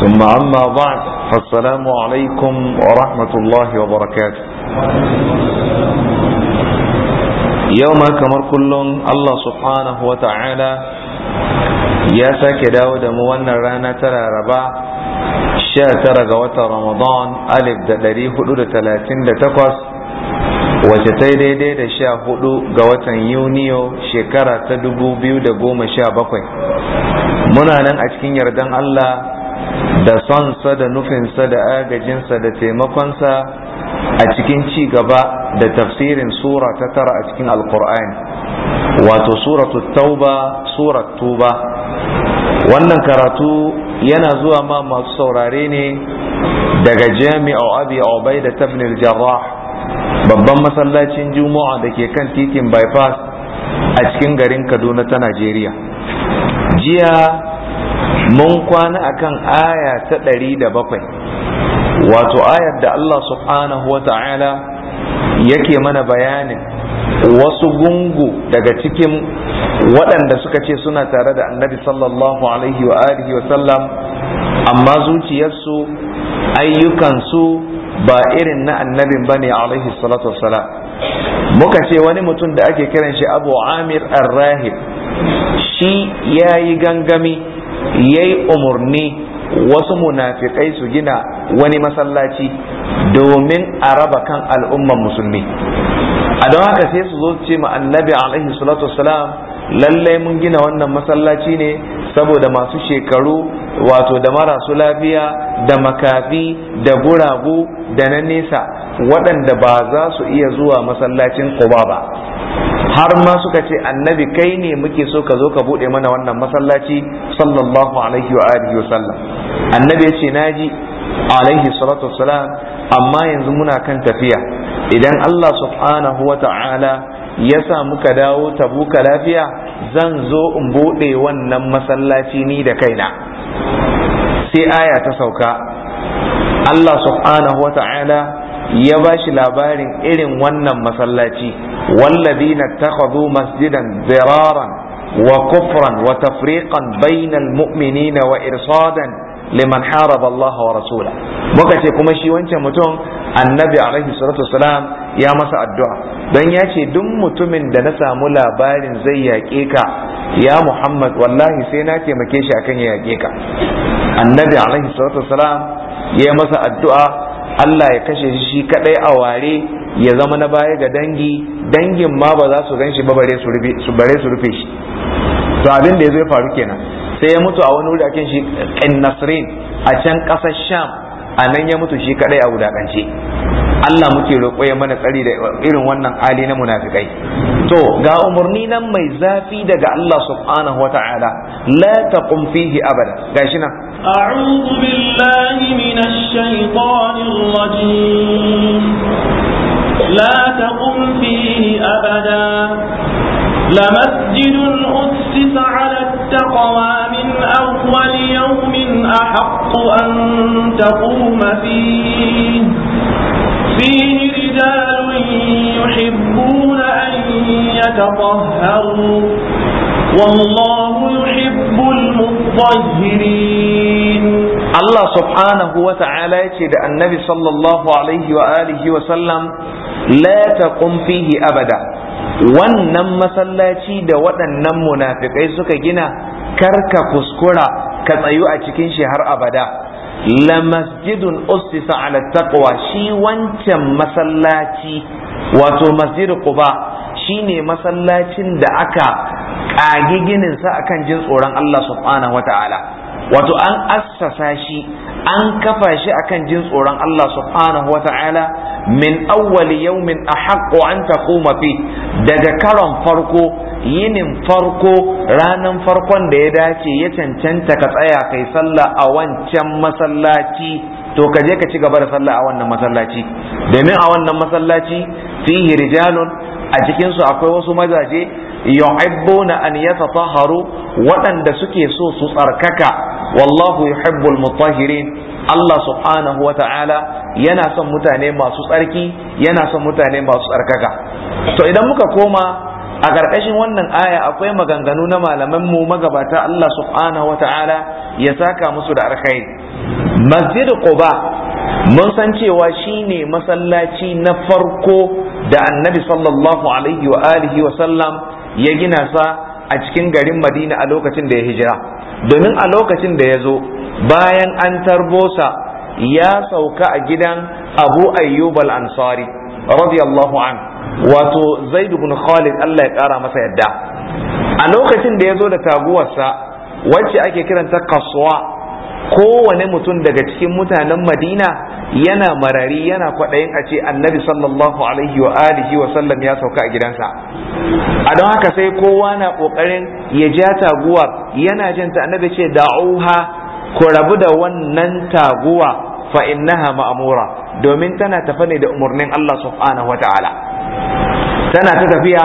ثم أما بعد فالسلام عليكم ورحمة الله وبركاته يوم كمر كل الله سبحانه وتعالى يا ساك داود موانا رانا ترى ربا شا ترى قوات رمضان ألف دلري حدود ثلاثين لتقص وشتي دي دي دا شا حدود قوات يونيو شكرة تدبو بيو دا قوم شا بقوي منا نن أشكين يردن الله da sonsa da nufinsa da agajinsa da taimakonsa a cikin ci gaba da tafsirin sura ta tara a cikin alkur'ani wato suratu tauba surat tuba wannan karatu yana zuwa ma masu saurare ne daga jami'a abi obai da tabnil jarrah babban masallacin juma'a da ke kan titin bypass a cikin garin kaduna ta najeriya jiya mun kwana akan aya ta ɗari da bakwai wato ayar da Allah subhanahu wa ta'ala yake mana bayanin wasu gungu daga cikin waɗanda suka ce suna tare da annabi sallallahu alaihi wa alihi wa sallam amma zuciyarsu ayyukansu ba irin na annabin ba ne alaihi salatu wassalam muka ce wani mutum da ake kiran shi abu amir ar-rahib shi ya yi gangami yayi umarni wasu munafikai su gina wani masallaci domin a raba kan al'ummar musulmi a don haka sai su zo su ce ma annabi alaihi salatu wassalam lallai mun gina wannan masallaci ne saboda masu shekaru wato da marasu lafiya da makafi da guragu da na nesa waɗanda ba za su iya zuwa masallacin quba ba har ma suka ce annabi kai ne muke so ka zo ka bude mana wannan masallaci sallallahu alaihi wa alihi wa sallam annabi ya ce naji alaihi salatu wassalam amma yanzu muna kan tafiya idan Allah subhanahu wa ta'ala ya sa muka dawo tabuka lafiya zan zo in bude wannan masallaci ni da kaina sai aya ta sauka Allah subhanahu wa ta'ala ya ba shi labarin irin wannan masallaci walladina takhadhu masjidan ziraran wa kufran wa tafriqan bainal mu'minina wa irsadan liman haraba Allah wa rasula muka ce kuma shi wancan mutum annabi alaihi salatu wasalam ya masa addu'a dan ya ce duk mutumin da na samu labarin zai yaƙe ka ya Muhammad wallahi sai na taimake shi akan ya yaƙe ka annabi alaihi salatu wasalam ya masa addu'a Allah ya kashe shi shi kadai a ware ya zama na baya ga dangi dangin ma ba za su gan shi ba bare su rufe bare su rufe shi to abin da ya zo faru kenan sai ya mutu a wani wuri kan shi Nasrin a can kasar Sham a nan ya mutu shi kadai a wudakance Allah muke roƙo ya mana tsari da irin wannan hali na munafikai to ga umarni nan mai zafi daga Allah subhanahu wata'ala la taqum fihi abada gashi nan a'udhu billahi minash shaitanir rajim la taqum fihi abada لمسجد أسس على التقوى من أول يوم أحق أن تقوم فيه فيه رجال يحبون أن يتطهروا والله يحب المطهرين Allah subhanahu wa ta'ala yace da annabi sallallahu alaihi wa alihi wa sallam la abada wannan masallaci da waɗannan munafikai suka gina karka kuskura ka tsayu a cikin shi har abada la masjidun ustisa ala shi wancan masallaci wato masjid quba shine masallacin da aka kage gininsa akan jin tsoron Allah subhanahu wataala wato an assasa shi an kafa shi akan jin tsoron Allah subhanahu wataala min awwali a ahaqqu an taquma fi daga karon farko yinin farko ranan farkon da ya dace ya cancanta ka tsaya kai sallah a wancan masallaci to ka je ka ci gaba da sallah a wannan masallaci domin a wannan masallaci fihi rijalun a cikin akwai wasu mazaje yuhibbuna an yatahharu waɗanda suke so su tsarkaka wallahu yuhibbul mutahhirin Allah subhanahu wa yana son mutane masu tsarki yana son mutane masu tsarkaka to idan muka koma a ƙarƙashin wannan aya akwai maganganu na malaman mu magabata Allah subhanahu wata'ala ya saka musu da alkhairi masjid quba mun san cewa shine masallaci na farko da annabi sallallahu alaihi wa alihi wa sallam ya gina sa a cikin garin madina a lokacin da ya hijira domin a lokacin da ya zo bayan an tarbosa ya sauka a gidan abu ayyub al-ansari radiyallahu an wato zaid ibn khalid Allah ya kara masa yadda a lokacin da ya zo da taguwarsa wacce ake kiranta kasuwa kowane mutum daga cikin mutanen madina yana marari yana kwaɗayin a ce annabi sallallahu alaihi wa alihi wa sallam ya sauka a gidansa a don haka sai kowa na ƙoƙarin ya ja taguwar yana janta annabi ce da'uha ku rabu da wannan taguwa fa innaha ma'mura domin tana tafa ne da umarnin Allah subhanahu wata'ala tana ta tafiya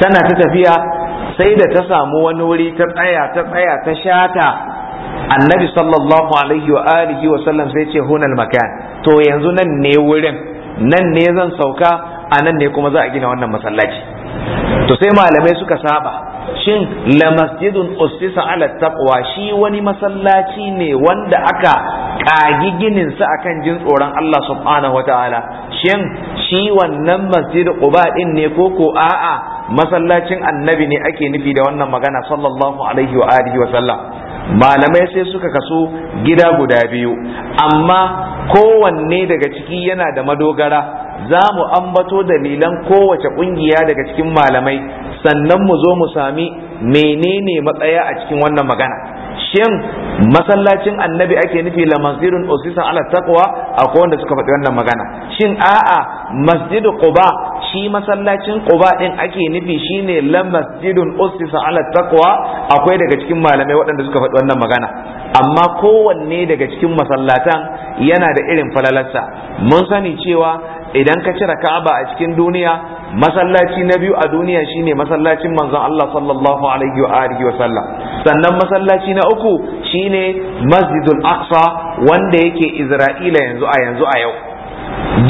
tana ta tafiya sai da ta samu wani wuri ta tsaya ta tsaya ta shata annabi sallallahu alaihi wa alihi wa sallam sai ce hunal makan to yanzu nan ne wurin nan ne zan sauka a nan ne kuma za a gina wannan masallaci to sai malamai suka saba shin la masjidun ustisa ala taqwa shi wani masallaci ne wanda aka kagi ginin su akan jin tsoron Allah subhanahu wataala shin shi wannan masjid quba din ne ko ko a'a masallacin annabi ne ake nufi da wannan magana sallallahu alaihi wa alihi wa sallam malamai sai suka kaso gida guda biyu amma kowanne daga ciki yana da madogara za mu ambato dalilan kowace kungiya daga cikin malamai sannan mu zo mu sami menene matsaya a cikin wannan magana shin masallacin annabi ake nufi la masjidun usisa ala taqwa akwai wanda suka faɗi wannan magana shin a'a masjidu quba shi masallacin quba din ake nufi shine la masjidun usisa ala taqwa akwai daga cikin malamai waɗanda suka faɗi wannan magana amma kowanne daga cikin masallatan yana da irin falalarsa mun sani cewa idan ka cire ka'aba a cikin duniya masallaci na biyu a duniya shine masallacin manzon Allah sallallahu alaihi wa alihi wa sallam sannan masallaci na uku shine masjidul aqsa wanda yake Isra'ila yanzu a yanzu a yau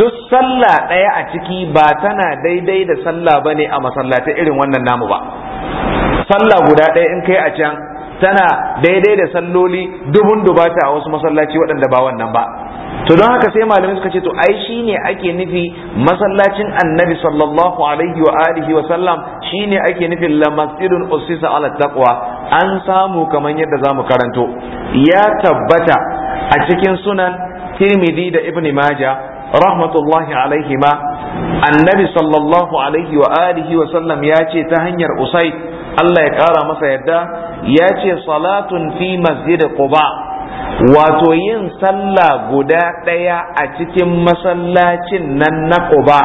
duk sallah ɗaya a ciki ba tana daidai da sallah bane a masallatai irin wannan namu ba sallah guda ɗaya in kai a can tana daidai da salloli dubun dubata a wasu masallaci waɗanda ba wannan ba to don haka sai malamai suka ce to ai shine ake nufi masallacin annabi sallallahu alaihi wa alihi wa sallam shine ake nufi la masjidun usisa ala taqwa an samu kamar yadda zamu karanto ya tabbata a cikin sunan Tirmidhi da Ibn Maja, rahmatullahi alaihima annabi sallallahu alaihi wa alihi wa sallam ya ce ta hanyar usaid Allah ya ƙara masa yadda ya ce salatun fi masjid quba wato yin sallah guda ɗaya a cikin masallacin nan na quba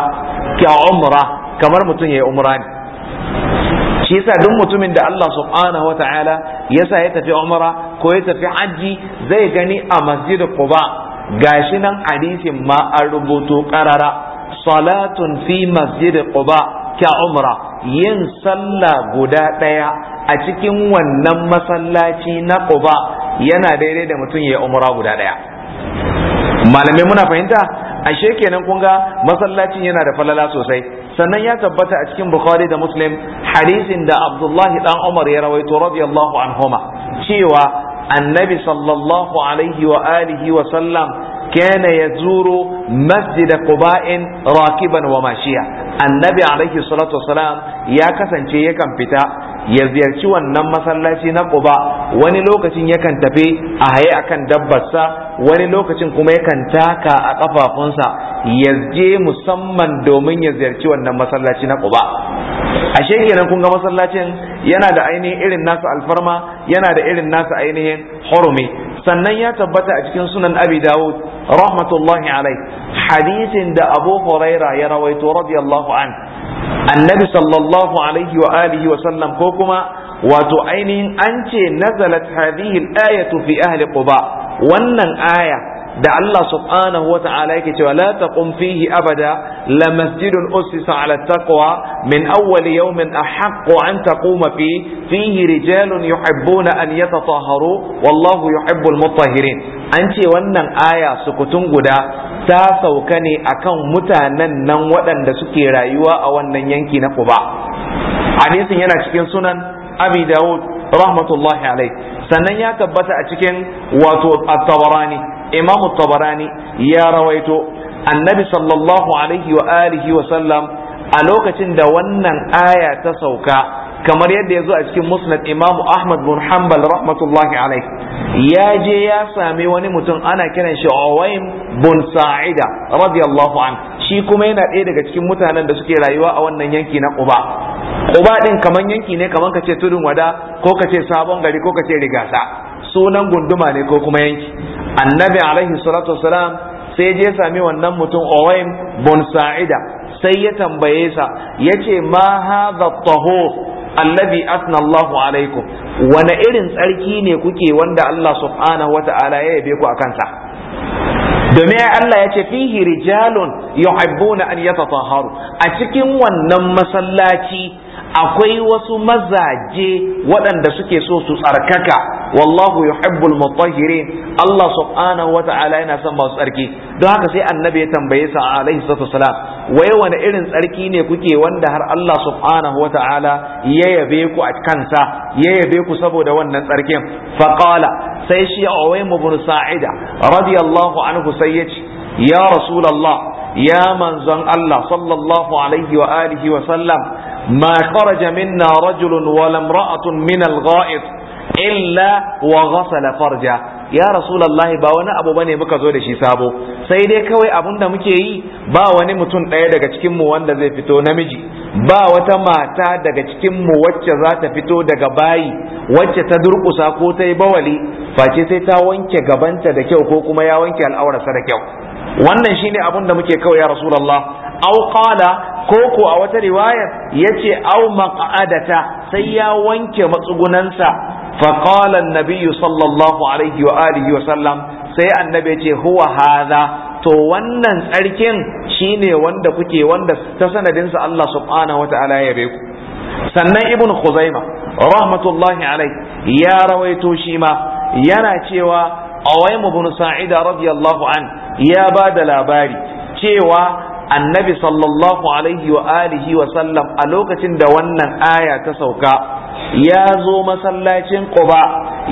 ka umra kamar mutum ya yi umra ne shi yasa duk mutumin da Allah subhanahu wataala yasa ya tafi umra ko ya tafi hajji zai gani a masjid quba gashi nan hadisin ma an rubuto qarara salatun fi masjid quba ka umra yin sallah guda ɗaya a cikin wannan masallaci na Quba yana daidai da mutum ya yi umra guda ɗaya malamai muna fahimta ashe kenan kun ga masallacin yana da falala sosai sannan ya tabbata a cikin bukhari da muslim hadisin da abdullahi dan umar ya rawaito radiyallahu anhuma cewa annabi sallallahu alaihi wa alihi wa sallam kana yazuru masjid quba'in rakiban wa mashiya annabi alaihi salatu wasalam ya kasance yakan fita ya ziyarci wannan masallaci na quba wani lokacin yakan tafi a haye akan dabbarsa wani lokacin kuma yakan taka a ƙafafunsa, ya je musamman domin ya ziyarci wannan masallaci na quba ashe kenan kun ga masallacin yana da ainihin irin nasu alfarma yana da irin nasu ainihin hurumi sannan ya tabbata a cikin sunan abi dawud rahmatullahi alai hadisin da abu huraira ya rawaito radiyallahu an annabi sallallahu alaihi wa alihi wa sallam ko kuma wato ainihin an ce nazalat hadihi al-ayatu fi ahli quba wannan aya da Allah subhanahu wa ta'ala yake cewa la taqum fihi abada la masjidun usisa ala taqwa min awwali yawmin ahaqqu an taquma fi fihi rijalun yuhibbuna an yatatahharu wallahu yuhibbul mutahhirin an ce wannan aya sukutun guda ta sauka ne akan mutanen nan waɗanda suke rayuwa a wannan yanki na Quba hadisin yana cikin sunan Abi Dawud rahmatullahi sannan ya tabbata a cikin wato at-tabarani imam at-tabarani ya rawaito annabi sallallahu alaihi wa alihi wa sallam a lokacin da wannan aya ta sauka kamar yadda ya zo a cikin musnad imamu ahmad bin hanbal rahmatullahi alaihi ya je ya sami wani mutum ana kiran shi uwaim bin sa'ida radiyallahu an shi kuma yana ɗaya daga cikin mutanen da suke rayuwa a wannan yanki na quba quba din kaman yanki ne kaman kace tudun wada ko kace sabon gari ko kace rigasa sunan gunduma ne ko kuma yanki annabi alaihi salatu wasalam sai je sami wannan mutum Owain bin Sa'ida sai ya tambaye sa yace ma hadha tahur allazi asna Allahu alaikum wani irin tsarki ne kuke wanda Allah subhanahu wata'ala ya yabe ku akansa sa domin Allah ya ce fihi rijalun yuhibbuna an yatatahharu a cikin wannan masallaci akwai wasu mazaje waɗanda suke so su tsarkaka wallahu yuhibbul mutahhirin Allah subhanahu wa ta'ala yana son masu tsarki don haka sai annabi ya tambaye sa alaihi salatu wasalam wai wani irin tsarki ne kuke wanda har Allah subhanahu wa ta'ala ya yabe ku a kansa ya yabe ku saboda wannan tsarkin faqala sai shi Uwaym ibn Sa'ida radiyallahu anhu sai yace ya rasulullah ya manzon Allah sallallahu alaihi wa alihi wa sallam ما خرج منا رجل ولا امرأة من الغائط إلا وغسل فرجه ya rasulallahi ba wani abu bane muka zo da shi sabo sai dai kawai abun da muke yi ba wani mutum ɗaya daga cikin mu wanda zai fito namiji ba wata mata daga cikin mu wacce za ta fito daga bayi wacce ta durƙusa ko ta yi bawali face sai ta wanke gabanta da kyau ko kuma ya wanke al'aurarsa da kyau wannan shine abun da muke kawai ya rasulullah aw qala ko ko a wata riwayar yace aw maq'adata sai ya wanke matsugunansa fa qala an-nabiy sallallahu alaihi wa alihi wa sallam sai annabi yace huwa hadha to wannan tsarkin shine wanda kuke wanda ta sanadinsa Allah subhanahu wa ta'ala ya ku sannan ibn khuzaima rahmatullahi alaihi ya rawaito shi ma yana cewa awaim ibn sa'ida radiyallahu an ya ba da labari cewa annabi sallallahu alaihi wa alihi wa sallam a lokacin da wannan aya ta sauka ya zo masallacin quba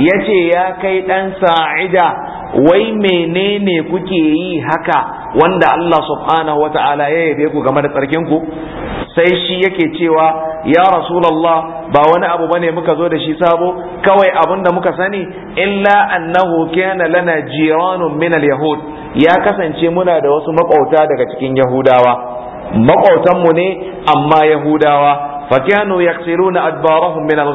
ya ce ya kai ɗan sa'ida wai menene kuke yi haka wanda Allah subhanahu wa ta'ala ya yabe ku game da tsarkin ku sai shi yake cewa ya rasulullah ba wani abu bane muka zo da shi sabo kawai abin da muka sani illa annahu kana lana jiranun min al-yahud ya kasance muna da wasu makauta daga cikin yahudawa makautan mu ne amma yahudawa fa kanu yaksiruna adbarahum min al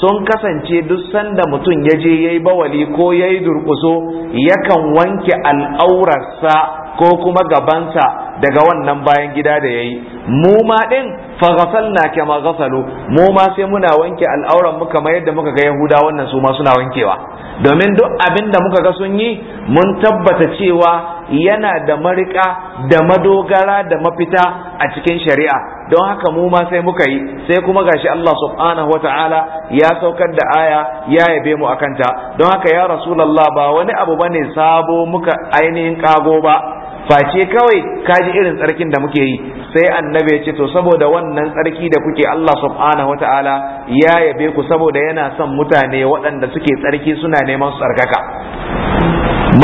sun kasance duk sanda mutum ya je ya yi bawali ko ya yi durƙuso yakan wanke al'aurarsa ko kuma gabansa daga wannan bayan gida da yayi mu ma din fa ghasalna kama ghasalu mu ma sai muna wanke al'auran mu kamar yadda muka ga yahuda wannan su ma suna wankewa domin duk abin da muka ga sun yi mun tabbata cewa yana da marika da madogara da mafita a cikin shari'a don haka mu ma sai muka yi sai kuma gashi Allah subhanahu wata'ala ya saukar da aya ya yabe mu akanta don haka ya rasulullah ba wani abu bane sabo muka ainihin kago ba face kawai kaji irin tsarkin da muke yi sai annabi ya ce to saboda wannan tsarki da kuke Allah subhanahu wataala ya yabe ku saboda yana son mutane waɗanda suke tsarki suna neman tsarkaka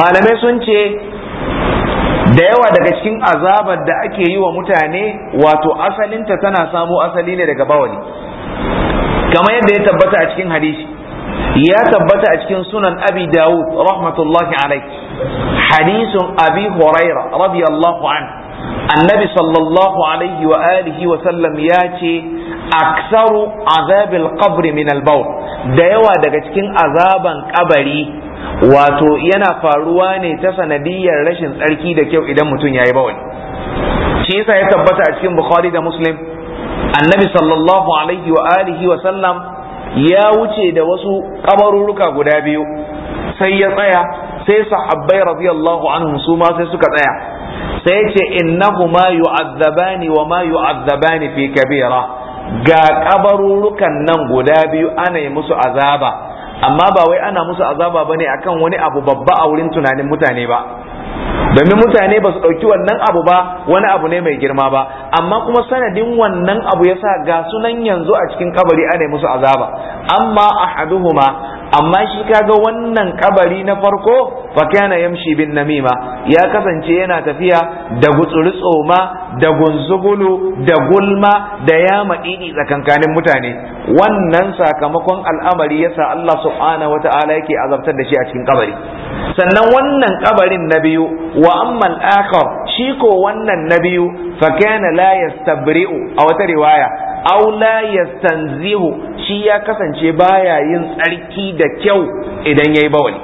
malamai sun ce da yawa daga cikin azabar da ake yi wa mutane wato asalinta tana samo asali ne daga bawali kamar yadda ya tabbata a cikin hadisi ya tabbata a cikin sunan abi dawud rahmatullahi alaihi Hadisin abi huraira radiyallahu an annabi sallallahu alaihi wa wa sallam ya ce aksaru azabil qabri min al da yawa daga cikin azaban ƙabari wato yana faruwa ne ta sanadiyar rashin tsarki da kyau idan mutum yi bawani shi yasa ya tabbata a cikin bukhari da muslim annabi sallallahu alaihi wa alihi wa sallam ya wuce da wasu kabaruruka guda biyu sai ya tsaya sai sahabbai radiyallahu anhum su ma sai suka tsaya sai ya ce innahuma wa ma yu'azzabani fi kabira ga kabarurukan nan guda biyu ana yi musu azaba amma ba wai ana musu azaba bane akan wani abu babba a wurin tunanin mutane ba domin mutane ba su ɗauki wannan abu ba wani abu ne mai girma ba amma kuma sanadin wannan abu ya sa ga sunan yanzu a cikin kabari ana musu azaba amma ahaduhuma amma shi kaga wannan kabari na farko fa yamshi bin namima ya kasance yana tafiya da gutsuri da gunzugulu da gulma da yama dini tsakankanin mutane wannan sakamakon al'amari yasa Allah subhanahu wata'ala yake azabtar da shi a cikin kabari sannan wannan kabarin na biyu wa ammal akhar shi ko wannan na biyu fa kana la yastabri'u a wata riwaya aula ya shi ya kasance baya yin tsarki da kyau idan yayi bawali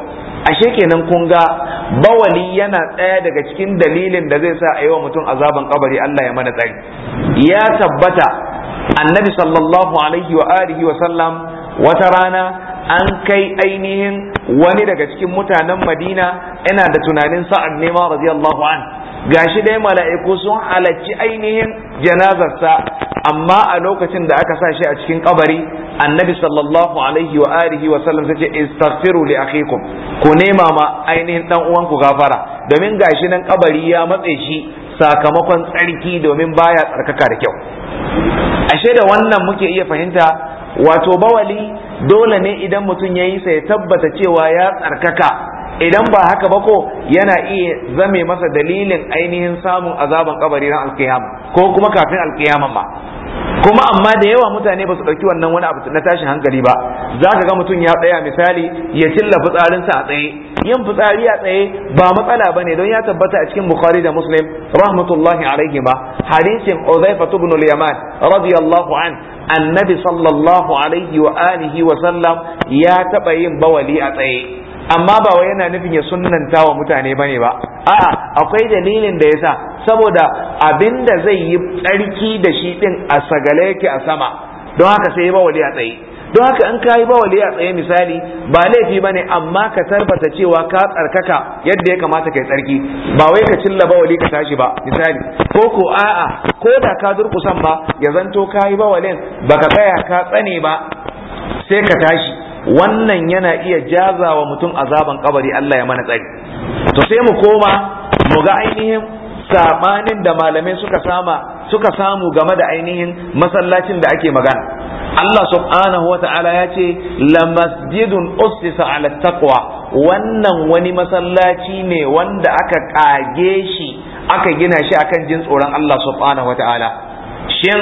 ashe kenan kun ga bawali yana tsaya daga cikin dalilin da zai sa a yi wa mutum azaban kabari Allah ya mana tsari ya tabbata annabi sallallahu alaihi wa alihi wa sallam wata rana an kai ainihin wani daga cikin mutanen madina yana da tunanin sa'ad nema radiyallahu an gashi dai mala'iku sun halarci ainihin janazarsa amma a lokacin da aka sa shi a cikin kabari annabi sallallahu alaihi wa alihi wa sallam sace istaghfiru li akhikum ku nema ma ainihin dan uwanku gafara domin gashi nan kabari ya matse shi sakamakon tsarki domin baya tsarkaka da kyau ashe da wannan muke iya fahimta wato bawali dole ne idan mutum ya yi sa ya tabbata cewa ya tsarkaka idan ba haka ba ko yana iya zame masa dalilin ainihin samun azaban kabari na alkiyama ko kuma kafin alkiyaman ba kuma amma da yawa mutane ba su ɗauki wannan wani abu na tashin hankali ba za ka ga mutum ya tsaya misali ya cilla fitsarinsa a tsaye yin fitsari a tsaye ba matsala ba ne don ya tabbata a cikin bukhari da muslim rahmatullahi alaihi ba hadisin uzaifa ibn al-yaman radiyallahu an annabi sallallahu alaihi wa alihi wa sallam ya taɓa yin bawali a tsaye amma ba wai yana nufin ya sunnanta wa mutane bane ba a'a akwai dalilin da yasa saboda abinda zai yi tsarki da shi din a sagale yake a sama don haka sai ya ba wali a tsaye don haka in ka yi ba wali a tsaye misali ba laifi bane amma ka tarbata cewa ka tsarkaka yadda ya kamata kai tsarki ba wai ka cilla ba wali ka tashi ba misali ko ko a'a ko da ka durkusan ba ya zanto ka yi ba walin baka tsaya ka tsane ba sai ka tashi wannan yana iya jazawa mutum azaban kabari Allah ya mana tsari to sai mu koma mu ga ainihin sabanin da malamai suka sama suka samu game da ainihin masallacin da ake magana Allah subhanahu wa ta'ala ya ce la masjidun ussisa ala taqwa wannan wani masallaci ne wanda aka kage shi aka gina shi akan jin tsoron Allah subhanahu wa ta'ala shin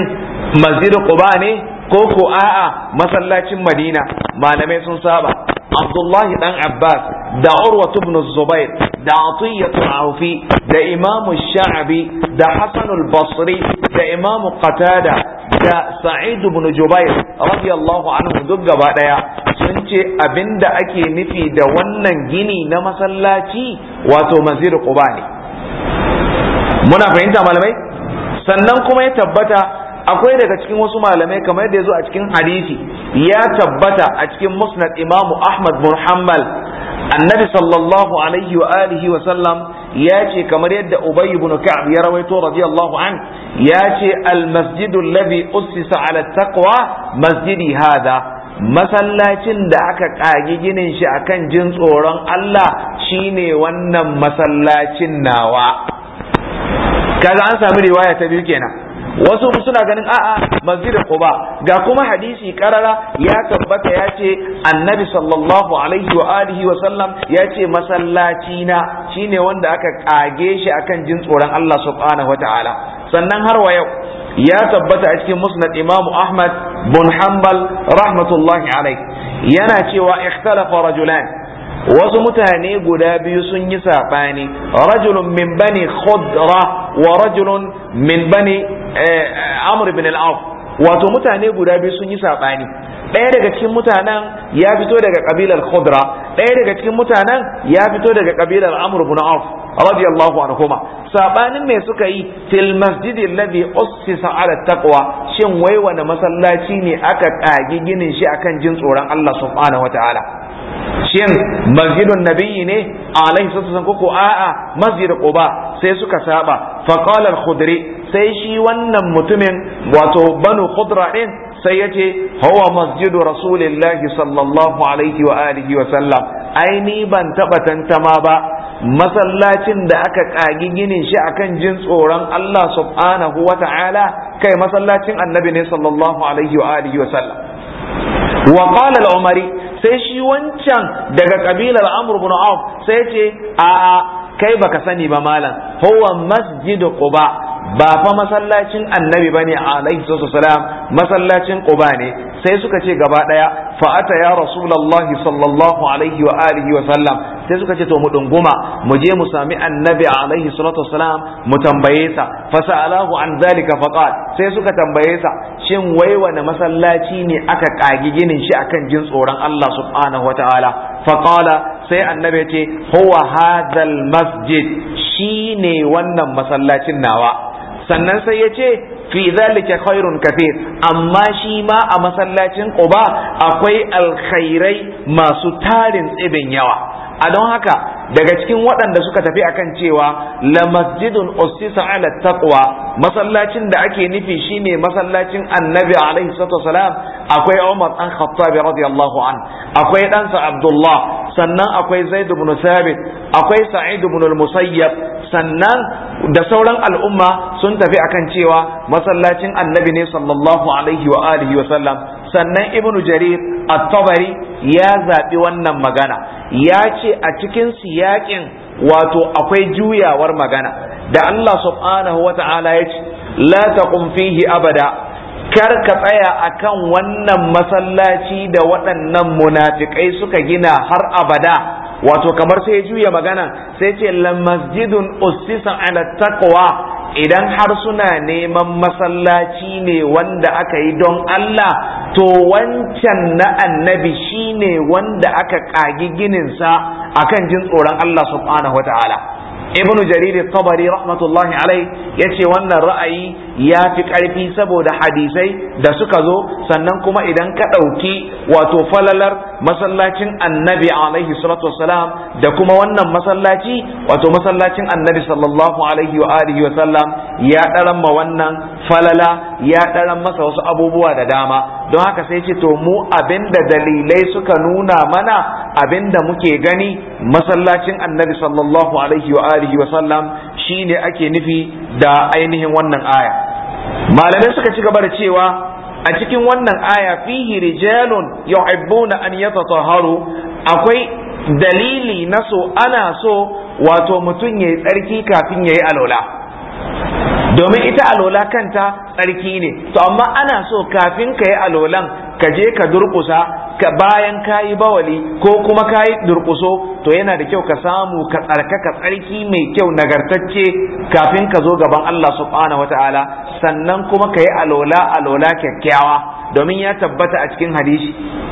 masjidu quba ne ko ko a'a masallacin madina malamai sun saba abdullahi ɗan abbas da urwatu ibn zubair da atiyatu aufi da imamu sha'abi da Hassanul basri da imamu qatada da Sa'idu ibn jubair radiyallahu anhu duk gaba daya sun ce abinda ake nufi da wannan gini na masallaci wato masjid quba muna fahimta malamai sannan kuma ya tabbata akwai daga cikin wasu malamai kamar yadda ya zo a cikin hadisi ya tabbata a cikin musnad imamu ahmad bin hanbal annabi sallallahu alaihi wa alihi wa sallam ya ce kamar yadda ubay ibn ka'ab ya rawaito radiyallahu an ya ce al masjidu alladhi ussisa ala taqwa masjidi hada masallacin da aka kagi ginin shi akan jin tsoron Allah shine wannan masallacin nawa kaga an samu riwaya ta biyu kenan wasu suna ganin a'a ku ba ga kuma hadisi karara ya tabbata ya ce annabi sallallahu alaihi wa alihi wa sallam ya ce masallaci na shine wanda aka kage shi akan jin tsoron Allah subhanahu wa ta'ala sannan har wa yau ya tabbata a cikin musnad imamu ahmad bin hanbal rahmatullahi alaihi yana cewa ikhtalafa rajulan wasu mutane guda biyu sun yi saɓani rajulun min bani khudra wa rajulun min bani eh, eh, amr ibn al wato mutane guda biyu sun yi saɓani. ɗaya daga cikin mutanen ya fito daga ƙabilar khudra ɗaya daga cikin mutanen ya fito daga ƙabilar amr bin auf radiyallahu anhuma saɓanin mai suka yi til masjid alladhi ussisa ala taqwa shin wai wani masallaci ne aka kagi ginin shi akan jin tsoron Allah subhanahu shin masjidun nabiyyi ne alaihi sallallahu koko a'a masjid quba sai suka saba fa qala khudri sai shi wannan mutumin wato banu khudra din sai yace huwa masjidu rasulillahi sallallahu alaihi wa alihi wa sallam ai ni ban taba tantama ba masallacin da aka kagi ginin shi akan jin tsoron Allah subhanahu wa ta'ala kai masallacin annabi ne sallallahu alaihi wa alihi wa sallam wa qala al-umari sai shi wancan daga kabilar amr ibn auf sai ce a kai baka sani ba malam huwa masjid quba ba fa masallacin annabi bane alaihi salam? masallacin quba ne sai suka ce gaba ɗaya, fa ata ya rasulullahi sallallahu alaihi wa alihi wa sallam sai suka ce to mu dunguma mu je mu sami annabi alaihi salatu wasalam mu tambaye sa fa sa'alahu an zalika faqat sai suka tambaye sa shin wai wani masallaci ne aka kagi ginin shi akan jin tsoron Allah subhanahu wataala faqala sai annabi ya ce huwa hadal masjid shine wannan masallacin nawa sannan sai ya ce fi zalika khairun kafir amma shi ma a masallacin Quba akwai alkhairai masu tarin tsibin yawa a don haka daga cikin waɗanda suka tafi akan cewa la masjidun ussisa ala taqwa masallacin da ake nufi shine masallacin annabi alaihi salatu wasalam akwai Umar dan Khattab radiyallahu an akwai ɗansa Abdullah sannan akwai zaid ibn akwai sa'id ibn musayyab sannan da sauran al'umma sun tafi akan cewa masallacin annabi ne sallallahu alaihi wa alihi wa sallam sannan ibnu jarir at-tabari ya zaɓi wannan magana ya ce a cikin siyaƙin wato akwai juyawar magana da Allah subhanahu wa ta'ala ya ce la taqum fihi abada kar ka tsaya akan wannan masallaci da waɗannan munafikai suka gina har abada wato kamar sai ya juya magana sai ce la masjidun ussisa ala taqwa idan har suna neman masallaci ne wanda aka yi don Allah to wancan na annabi shine wanda aka kagi gininsa kan jin tsoron Allah subhanahu wata'ala ibnu jarir tabari rahmatullahi alai ya ce wannan ra'ayi ya fi ƙarfi saboda hadisai da suka zo sannan kuma idan ka ɗauki wato falalar masallacin annabi alaihi salatu wasalam da kuma wannan masallaci wato masallacin annabi sallallahu alaihi wa alihi wa wasallam ya ɗaran ma wannan falala ya ɗaran masa wasu abubuwa da dama don haka sai ce to mu abinda dalilai suka nuna mana abinda muke gani masallacin annabi sallallahu alaihi wa alihi wa sallam shine ake nufi da ainihin wannan aya malamai suka ci gaba da cewa a cikin wannan aya fihi rijalun yuhibbuna an yatatahharu akwai dalili na ana so wato mutum yayi tsarki kafin yayi alola domin ita alola kanta tsarki ne to amma ana so kafin ka yi alolan ka je ka durkusa ka bayan ka yi bawali ko kuma ka yi durkuso to yana da kyau ka samu ka tsarkaka tsarki mai kyau nagartacce kafin ka zo gaban Allah subhanahu wataala sannan kuma ka yi alola alola kyakkyawa domin ya tabbata a cikin hadisi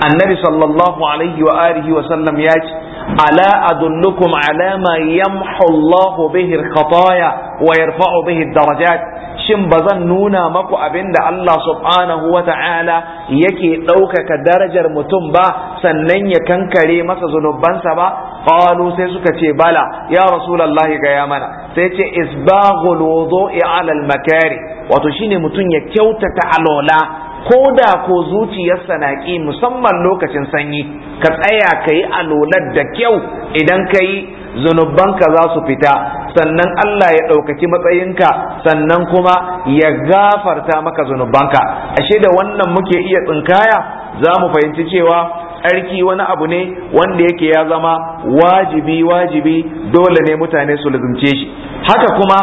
annabi sallallahu alaihi wa alihi wa sallam ya ce ala adullukum alama ma yamhu bihi al-khataya wa yarfa'u bihi ad-darajat shin bazan nuna maku abinda Allah subhanahu wa ta'ala yake ɗaukaka darajar mutum ba sannan ya kankare masa zunubansa ba qalu sai suka ce bala ya rasulullahi ga ya mana sai ce isbaghul wudu'i ala al-makari wato shine mutum ya kyautata alola ko da ko zuciyarsa na ƙi musamman lokacin sanyi ka tsaya ka yi alolar da kyau idan ka yi zunubanka za su fita sannan Allah ya ɗaukaki matsayinka sannan kuma ya gafarta maka zunubanka ashe da wannan muke iya tsinkaya za mu fahimci cewa tsarki wani abu ne wanda yake ya zama wajibi wajibi dole ne mutane su lizumce shi haka kuma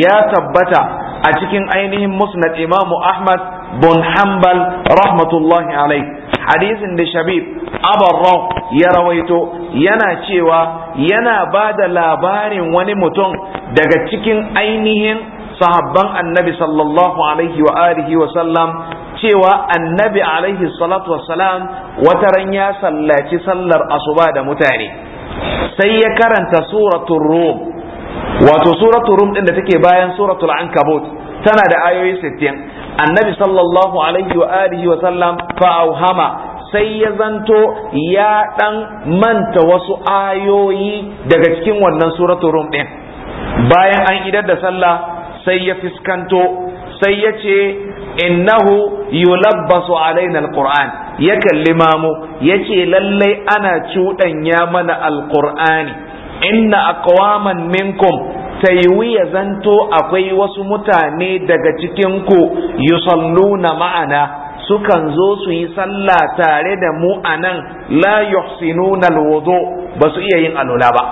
ya tabbata a cikin ainihin musnad imamu ahmad bin Hanbal rahmatullahi alai hadisin da Shabib Abarrau ya rawaito yana cewa yana ba da labarin wani mutum daga cikin ainihin sahabban annabi sallallahu alaihi wa alihi wa sallam cewa annabi alaihi salatu wassalam wataran ya sallaci sallar asuba da mutane sai ya karanta suratul rum wato suratul rum din da take bayan suratul ankabut tana da ayoyi 60 annabi sallallahu alaihi wa alihi wa sallam fa'auhama sai ya zanto ya dan manta wasu ayoyi daga cikin wannan suratul rum din bayan an idar da sallah sai ya fiskanto sai ya ce innahu yulabbasu alaina alquran ya kalli mamu ya ce lallai ana cuɗanya mana alqur'ani inna aqwaman minkum ta yiwu ya zanto akwai wasu mutane daga cikin ku yusalluna ma'ana sukan zo su yi sallah tare da mu anan la yuhsinuna alwudu ba su iya yin alula ba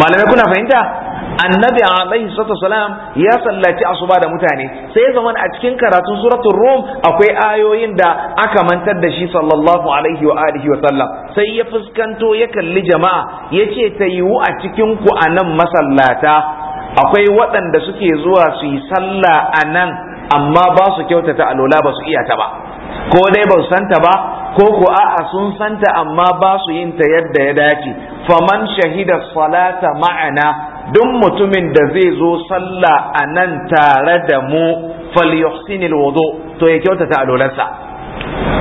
malamai kuna fahimta annabi alaihi salatu wasalam ya sallaci asuba da mutane sai zaman a cikin karatun suratul rum akwai ayoyin da aka mantar da shi sallallahu alaihi wa alihi wa sallam sai ya fuskanto ya kalli jama'a yace ta yiwu a cikin ku anan masallata akwai waɗanda suke zuwa su yi sallah anan amma ba su kyautata alola ba su iya ta ba ko dai ba su santa ba ko ko a'a sun santa amma ba su yin ta yadda ya dace faman shahida salata ma'ana duk mutumin da zai zo sallah a nan tare da mu falyuhsinil wudu to ya kyautata alolansa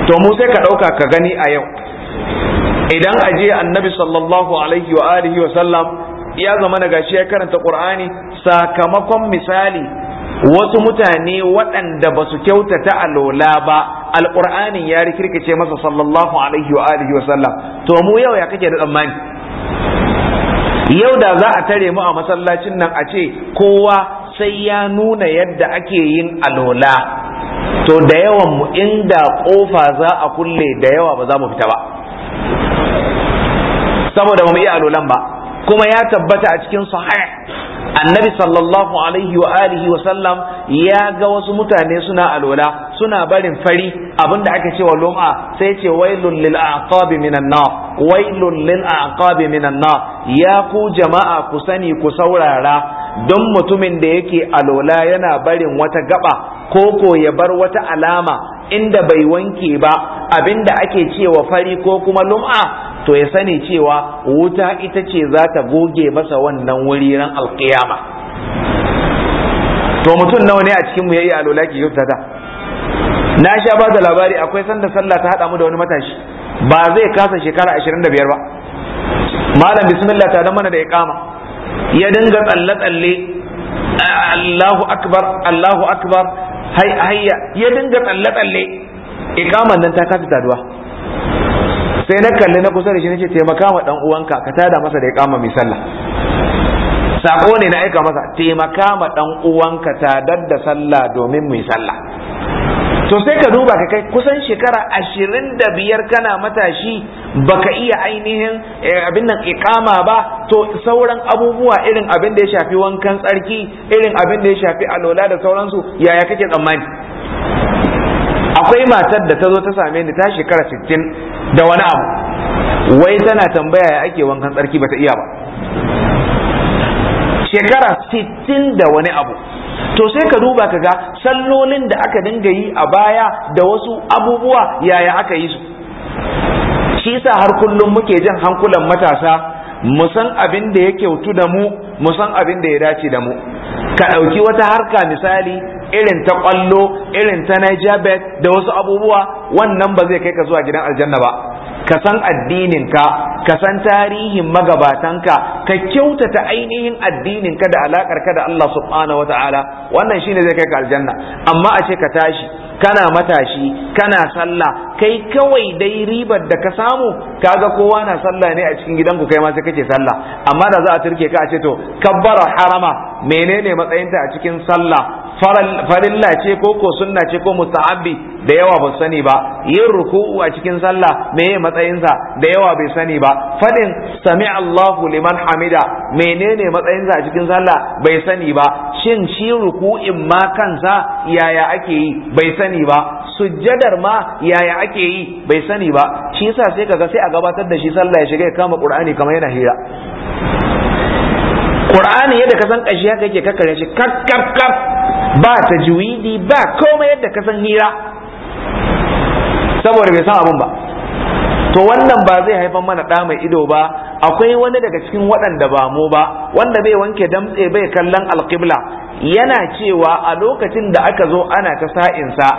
to mu sai ka ɗauka ka gani a yau idan aje annabi sallallahu alaihi wa alihi wa sallam ya zama na gashi ya karanta qur'ani sakamakon misali wasu mutane waɗanda ba su kyautata alola ba alƙur'anin ya rikirkice masa sallallahu alaihi wa alihi wa sallam to mu yau ya kake da tsammani yau da za a tare mu a masallacin nan a ce kowa sai ya nuna yadda ake yin alola to da yawan mu inda kofa za a kulle da yawa ba za mu fita ba saboda ba mu iya alolan ba kuma ya tabbata a cikin sahih annabi sallallahu alaihi wa alihi wa sallam ya ga wasu mutane suna alola suna barin fari abinda ake cewa lum'a sai ce wailun lil aqabi minan nar wailun lil aqabi minan nar ya ku jama'a ku sani ku saurara don mutumin da yake alola yana barin wata gaba ko ko ya bar wata alama inda bai wanke ba abinda ake cewa fari ko kuma lum'a to ya sani cewa wuta ita ce za ta goge masa wannan wuri ran alkiyama to mutum nawa ne a cikin mu yayi alola ki ta? na sha ba da labari akwai sanda sallah ta hada mu da wani matashi ba zai kasa shekara 25 ba malam bismillah ta mana da iqama ya dinga tsalle tsalle Allahu akbar Allahu akbar hayya ya dinga tsalle tsalle iqaman nan ta kasa taduwa sai na kalli na kusa da shi nace taimaka ma dan uwanka ka tada masa da ya kama mai sallah sako ne na aika masa taimaka ma dan uwanka tadar da sallah domin mai sallah to sai ka duba ka kai kusan shekara ashirin da biyar kana matashi baka iya ainihin eh, abin nan ikama ba to sauran abubuwa irin abin da ya shafi wankan tsarki irin abin da ya shafi alola da sauransu yaya kake tsammani akwai matar da ta zo ta same ni ta shekara 60 da wani abu wai tana tambaya ya ake wankan tsarki bata iya ba shekara 60 da wani abu to sai ka duba ka ga sallolin da aka dinga yi a baya da wasu abubuwa yaya aka yi su shi sa har kullum muke jan hankulan matasa mu san abin da ya kyautu da mu mu san abin da ya dace da mu ka ɗauki wata harka misali irin ta kwallo irin ta najabet da wasu abubuwa wannan ba zai kai ka zuwa gidan aljanna ba ka san addininka ka san tarihin magabatanka ka kyautata ainihin addininka da alakarka da Allah subhanahu wataala wannan shine zai kai ka aljanna amma a ce ka tashi kana matashi kana sallah kai kawai dai ribar da ka samu kaga kowa na sallah ne a cikin gidanku kai ma sai kake sallah amma da za a turke ka a ce to kabbara harama menene matsayinta a cikin sallah farilla ce ko ko sunna ce ko musta'abi da yawa ba sani ba yin ruku'u a cikin sallah meye matsayinsa da yawa bai sani ba fadin sami Allahu liman hamida menene matsayinsa a cikin sallah bai sani ba shin shi ruku'in ma kansa yaya ake yi bai sani ba sujjadar ma yaya ake yi bai sani ba shi yasa sai kaga sai a gabatar da shi sallah ya shiga ya kama qur'ani kamar yana hira qur'ani yadda ka san kashi haka yake kakkare shi kakkaf ba ta juwidi ba komai yadda kasan hira saboda bai san abin ba to wannan ba zai haifar mana ɗa mai ido ba akwai wani daga cikin waɗanda ba mu ba wanda bai wanke damtse bai kallon alƙibla yana cewa a lokacin da aka zo ana ta sa'insa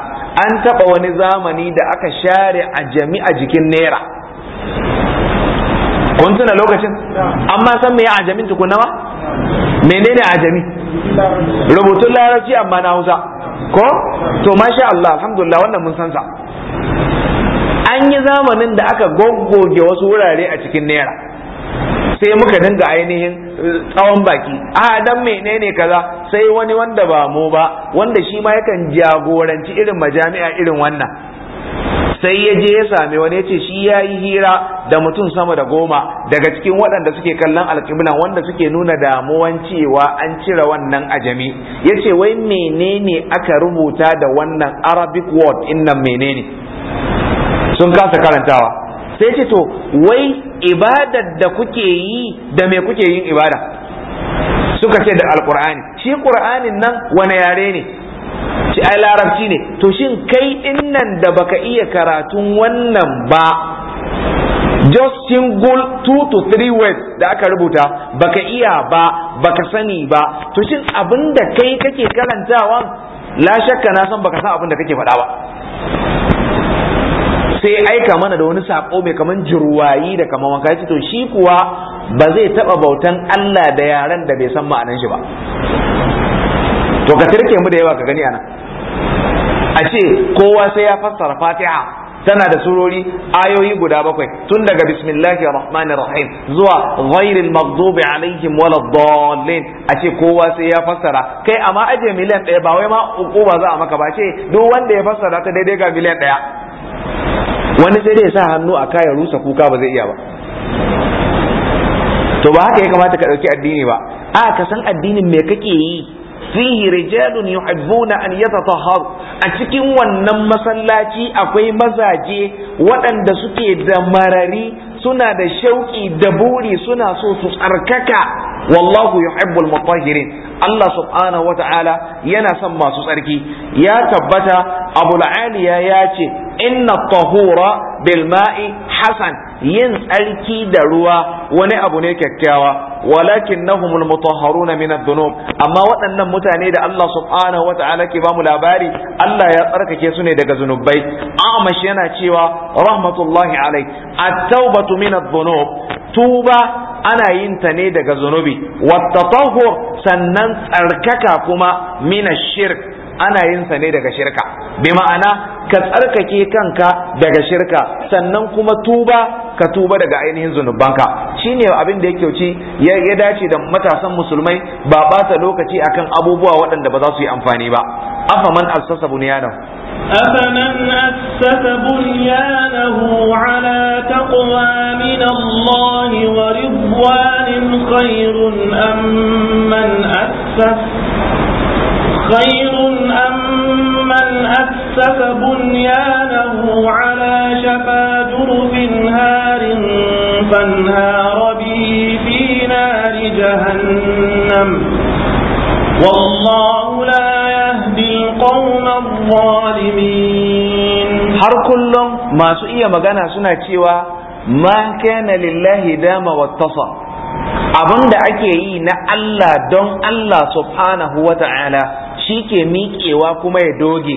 an taɓa wani zamani da aka share a jami'a jikin naira kun tuna lokacin amma san me a ajamin tukuna ba menene ajami rubutun larabci amma na hausa ko to masha Allah alhamdulillah wannan mun san sa an yi zamanin da aka goggoge wasu wurare a cikin naira sai muka dinga ainihin eh, tsawon baki a dan menene kaza sai wani wanda ba mu ba wanda shi ma yakan jagoranci irin majami'a irin wannan sai ya je ya sami wani ya ce shi ya yi hira da mutum sama da goma daga cikin waɗanda suke kallon alƙibla wanda suke nuna damuwan cewa an cire wannan ajami ya ce wai menene aka rubuta da wannan arabic word innan menene sun kasa karantawa sai ce to wai ibadar da kuke yi da me kuke yin ibada suka ce da Alƙur'ani. shi ƙur'anin nan wani yare ne ce ai larabci ne to shin kai nan da baka iya karatun wannan ba just single two to three words da aka rubuta baka iya ba baka sani ba to shin abin da kai kake karantawan la shakka na san baka san abin da kake faɗa ba sai aika mana da wani sako mai kaman jirwayi da kaman wanka yace to shi kuwa ba zai taba bautan Allah da yaran da bai san ma'anan shi ba to ka tirke mu da yawa ka gani anan a ce kowa sai ya fassara fatiha tana da surori ayoyi guda bakwai tun daga bismillahir rahmanir rahim zuwa ghairil maghdubi alaihim waladdallin a ce kowa sai ya fassara kai amma aje miliyan ɗaya ba wai ma ba za a maka ba ce duk wanda ya fassara ta daidai ga miliyan ɗaya wani sai dai ya sa hannu a kayan rusa kuka ba zai iya ba to ba haka ya kamata ka ɗauki addini ba a ka san addinin me kake yi fihi rijalun yuhibbuna an yatatahharu a cikin wannan masallaci akwai mazaje waɗanda suke da marari suna da shauki da buri suna so su tsarkaka wallahu yuhibbul mutahhirin Allah subhanahu wata'ala yana son masu tsarki ya tabbata Abu ya ce inna tahura bil ma'i hasan yin tsarki da ruwa wani abu ne kyakkyawa walakin al mutahharuna min ad-dhunub amma waɗannan mutane da Allah subhanahu wata'ala ke ba mu labari Allah ya tsarkake su ne daga zunubai Amash yana cewa rahmatullahi alai at-taubatu min ad tuba ana yin ta ne daga zunubi wata sannan tsarkaka kuma mina shirk ana yin sa ne daga shirka bi ma'ana ka tsarkake kanka daga shirka sannan kuma tuba ka tuba daga ainihin zunubanka shine abin da ya kyauci ya dace da matasan musulmai ba ta lokaci akan abubuwa waɗanda ba za su yi amfani ba afaman assasa bunyanan أفمن أسس bunyanahu ala taqwa min Allah wa ridwanin khairun amman أسس خير أم من أسف بنيانه على شفا جرف هار فانهار به في نار جهنم والله لا يهدي القوم الظالمين هر كلهم ما سئي مغانا سنة شوى ما كان لله دام واتصى abin da ake yi na Allah don Allah subhanahu wa shi ke miƙewa kuma ya doge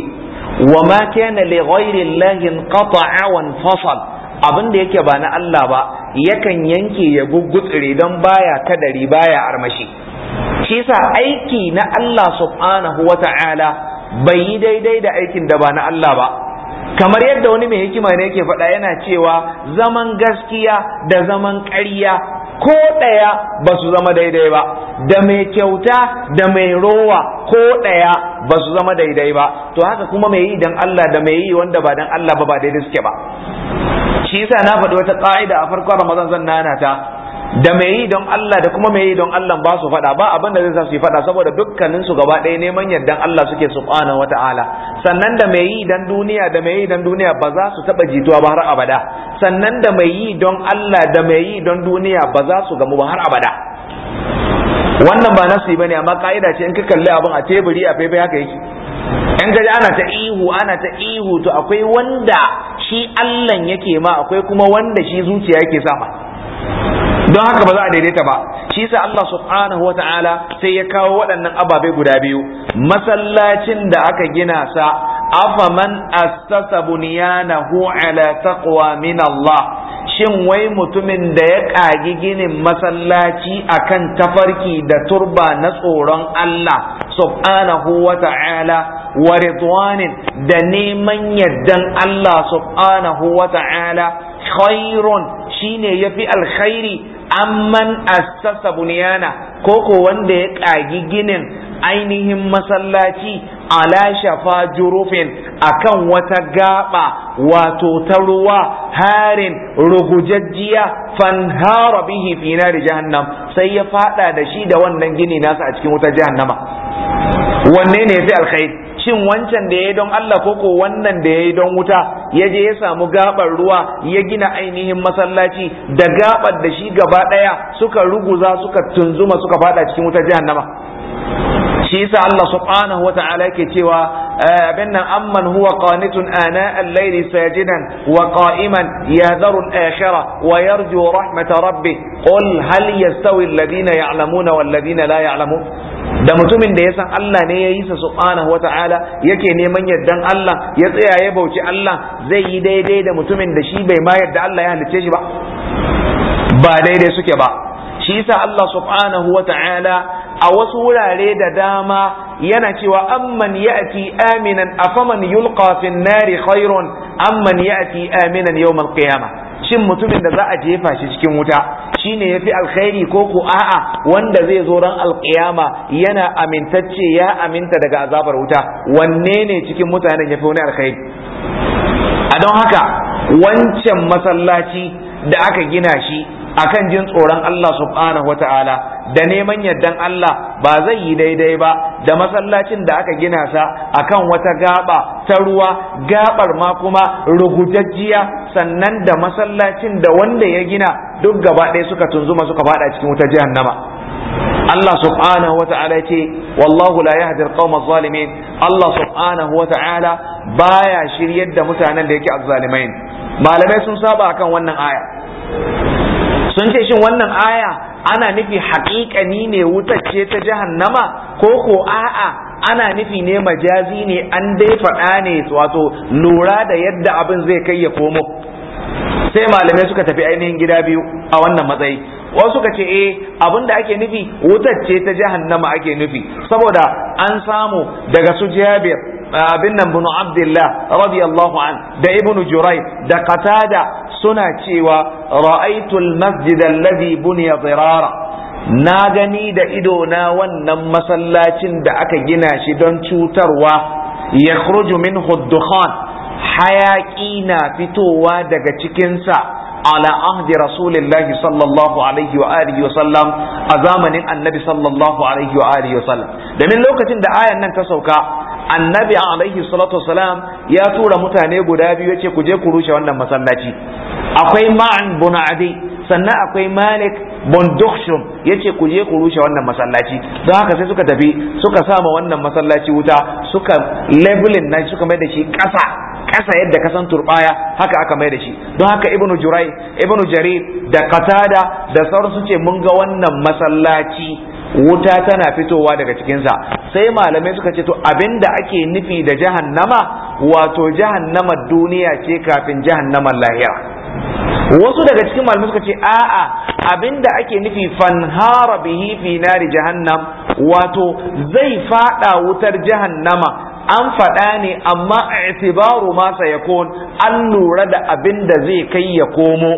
wa ma kana li ghairi llahin qata'a wa fasal abin da yake ba na Allah ba yakan yanke ya guggutsire don baya kadari baya armashi shi yasa aiki na Allah subhanahu wata'ala bai yi daidai da aikin da ba na Allah ba kamar yadda wani mai hikima ne yake faɗa yana cewa zaman gaskiya da zaman ƙarya ko ɗaya ba su zama daidai ba da mai kyauta da mai rowa ko ɗaya ba su zama daidai ba to haka kuma mai yi don Allah da mai yi wanda ba dan Allah ba ba daidai suke ba shi yasa na faɗi wata ƙa'ida a farkon Ramadan zan nana ta da mai yi don Allah da kuma mai yi don Allah ba su faɗa ba abin da zai sa su yi faɗa saboda dukkanin su gaba ɗaya neman yardan Allah suke subhanahu wata'ala sannan da mai yi don duniya da mai yi don duniya ba za su taba jituwa ba har abada sannan da mai yi don Allah da mai yi don duniya ba za su gamu ba har abada wannan ba nasu ne, amma ka'ida ce in ka kalli abin a teburi a faifai haka yake in ka ana ta ihu ana ta ihu to akwai wanda shi Allah yake ma akwai kuma wanda shi zuciya yake sama don haka ba za a daidaita ba shi yasa Allah subhanahu wa sai ya kawo waɗannan ababe guda biyu masallacin da aka gina sa afaman assasa bunyanahu ala taqwa min Allah shin wai mutumin da ya ƙagi ginin masallaci akan tafarki da turba na tsoron Allah subhanahu wa wa ridwanin da neman yardan Allah subhanahu wa khairun shine yafi alkhairi amman assasa buniyana, ko ko wanda ya kagi ginin ainihin masallaci ala shafa jurufin akan wata gaba wato ta ruwa harin rugujajjiya fanhara bihi fi jahannam sai ya fada da shi da wannan gini nasa a cikin wutar jahannama wanne ne yafi alkhairi shin wancan da ya yi don Allah ko ko wannan da ya yi don wuta ya je ya samu gabar ruwa ya gina ainihin masallaci da gabar da shi gaba ɗaya suka ruguza suka tunzuma suka fada cikin wuta jahannama shi yasa Allah subhanahu wa ta'ala yake cewa eh, abin nan amman huwa qanitun ana al-layli sajidan wa qa'iman yadharu al-akhirah wa yarju rahmat rabbih qul hal yastawi alladhina ya'lamuna wal ladina la ya'lamun da mutumin da ya san Allah ne ya yi sa subhanahu wata'ala yake neman yardan Allah ya tsaya ya bauci Allah zai yi daidai da mutumin da shi bai ma yarda Allah ya halicce shi ba ba daidai suke ba shi yasa Allah subhanahu wata'ala a wasu wurare da dama yana cewa amman ya'ti aminan afaman yulqa fin nari khairun amman ya'ti aminan yawmal qiyamah shin mutumin da za a jefa shi cikin wuta ne ya fi alkhairi ko ko a'a wanda zai zo ran alkiyama yana amintacce ya aminta daga azabar wuta wanne ne cikin mutanen yafi wani alkhairi a don haka wancan masallaci da aka gina shi akan jin tsoron Allah subhanahu wataala da neman yardan Allah ba zai yi daidai ba da masallacin da aka gina sa akan wata gaba ta ruwa gabar ma kuma rugujajjiya sannan da masallacin da wanda ya gina duk gaba ɗaya suka tunzuma suka fada cikin wuta jahannama Allah subhanahu wa ta'ala ce wallahu la yahdi alqawma zalimin Allah subhanahu wa ta'ala baya shiryar da mutanen da yake azzalimain malamai sun saba akan wannan aya sun ce shin wannan aya ana nufi haƙiƙani ne wutar ce ta jahannama ko ko a'a ana nufi ne majazi ne an dai faɗa ne wato lura da yadda abin zai kai ya komo sai malamai suka tafi ainihin gida biyu a wannan matsayi wasu suka ce eh abin da ake nufi wutacce ce ta jahannama ake nufi saboda an samu daga su jabir abin nan bin abdullah radiyallahu an da ibnu jurai da qatada suna cewa ra'aitul masjid alladhi ya zirara na gani da ido na wannan masallacin da aka gina shi don cutarwa ya khruju min dukhan hayaki na fitowa daga cikinsa ala ahdi rasulillahi sallallahu alaihi wa alihi wa a zamanin annabi sallallahu alaihi wa alihi wa lokacin da ayan nan ta sauka annabi alaihi salatu wasalam ya tura mutane guda biyu ya ce ku je ku rushe wannan masallaci akwai ma'an bunadi sannan akwai malik bin ya yace ku je ku rushe wannan masallaci don haka sai suka tafi suka sama wannan masallaci wuta suka labelin na suka mai da shi ƙasa ƙasa yadda kasan turbaya haka aka mai da shi don haka ibnu jurai ibnu jarir da qatada da sauransu ce mun ga wannan masallaci wuta tana fitowa daga cikinsa sai malamai suka ce to abinda ake nufi da jahannama wato jahannama duniya ce kafin jahannaman lahira wasu daga cikin malamai suka ce a'a abinda ake nufi fanhara bihi fi nari jahannam wato zai fada wutar jahannama an faɗa ne amma itibaru ma sayakun an lura da abinda zai kai ya komo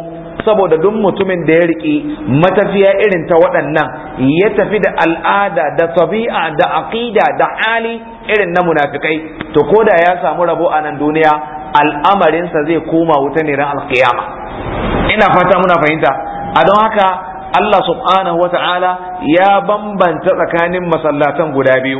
saboda duk mutumin da ya riƙe matafiya irin ta waɗannan ya tafi da al'ada da tabi'a da aqida da hali irin na munafikai to koda ya samu rabo a nan duniya al'amarinsa zai koma wuta ne ran alkiyama ina fata muna fahimta a don haka Allah subhanahu wa ta'ala ya bambanta tsakanin masallatan guda biyu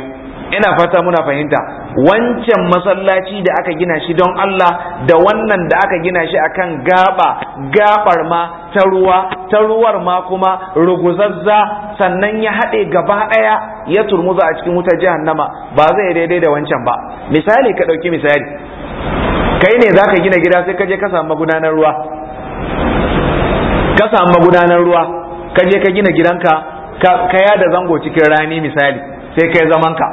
ina fata muna fahimta wancan masallaci da aka gina shi don Allah da wannan da aka gina shi akan gaba gabar ma ta ruwa ta ruwar ma kuma ruguzazza sannan ya haɗe gaba ɗaya ya turmuza a cikin wutar jahannama ba zai daidai da wancan ba misali ka ɗauki misali kai ne za ka gina gida sai ka je ka samu magudanar ruwa ka samu magudanar ruwa ka je ka gina gidanka ka ya da zango cikin rani misali sai ka zaman ka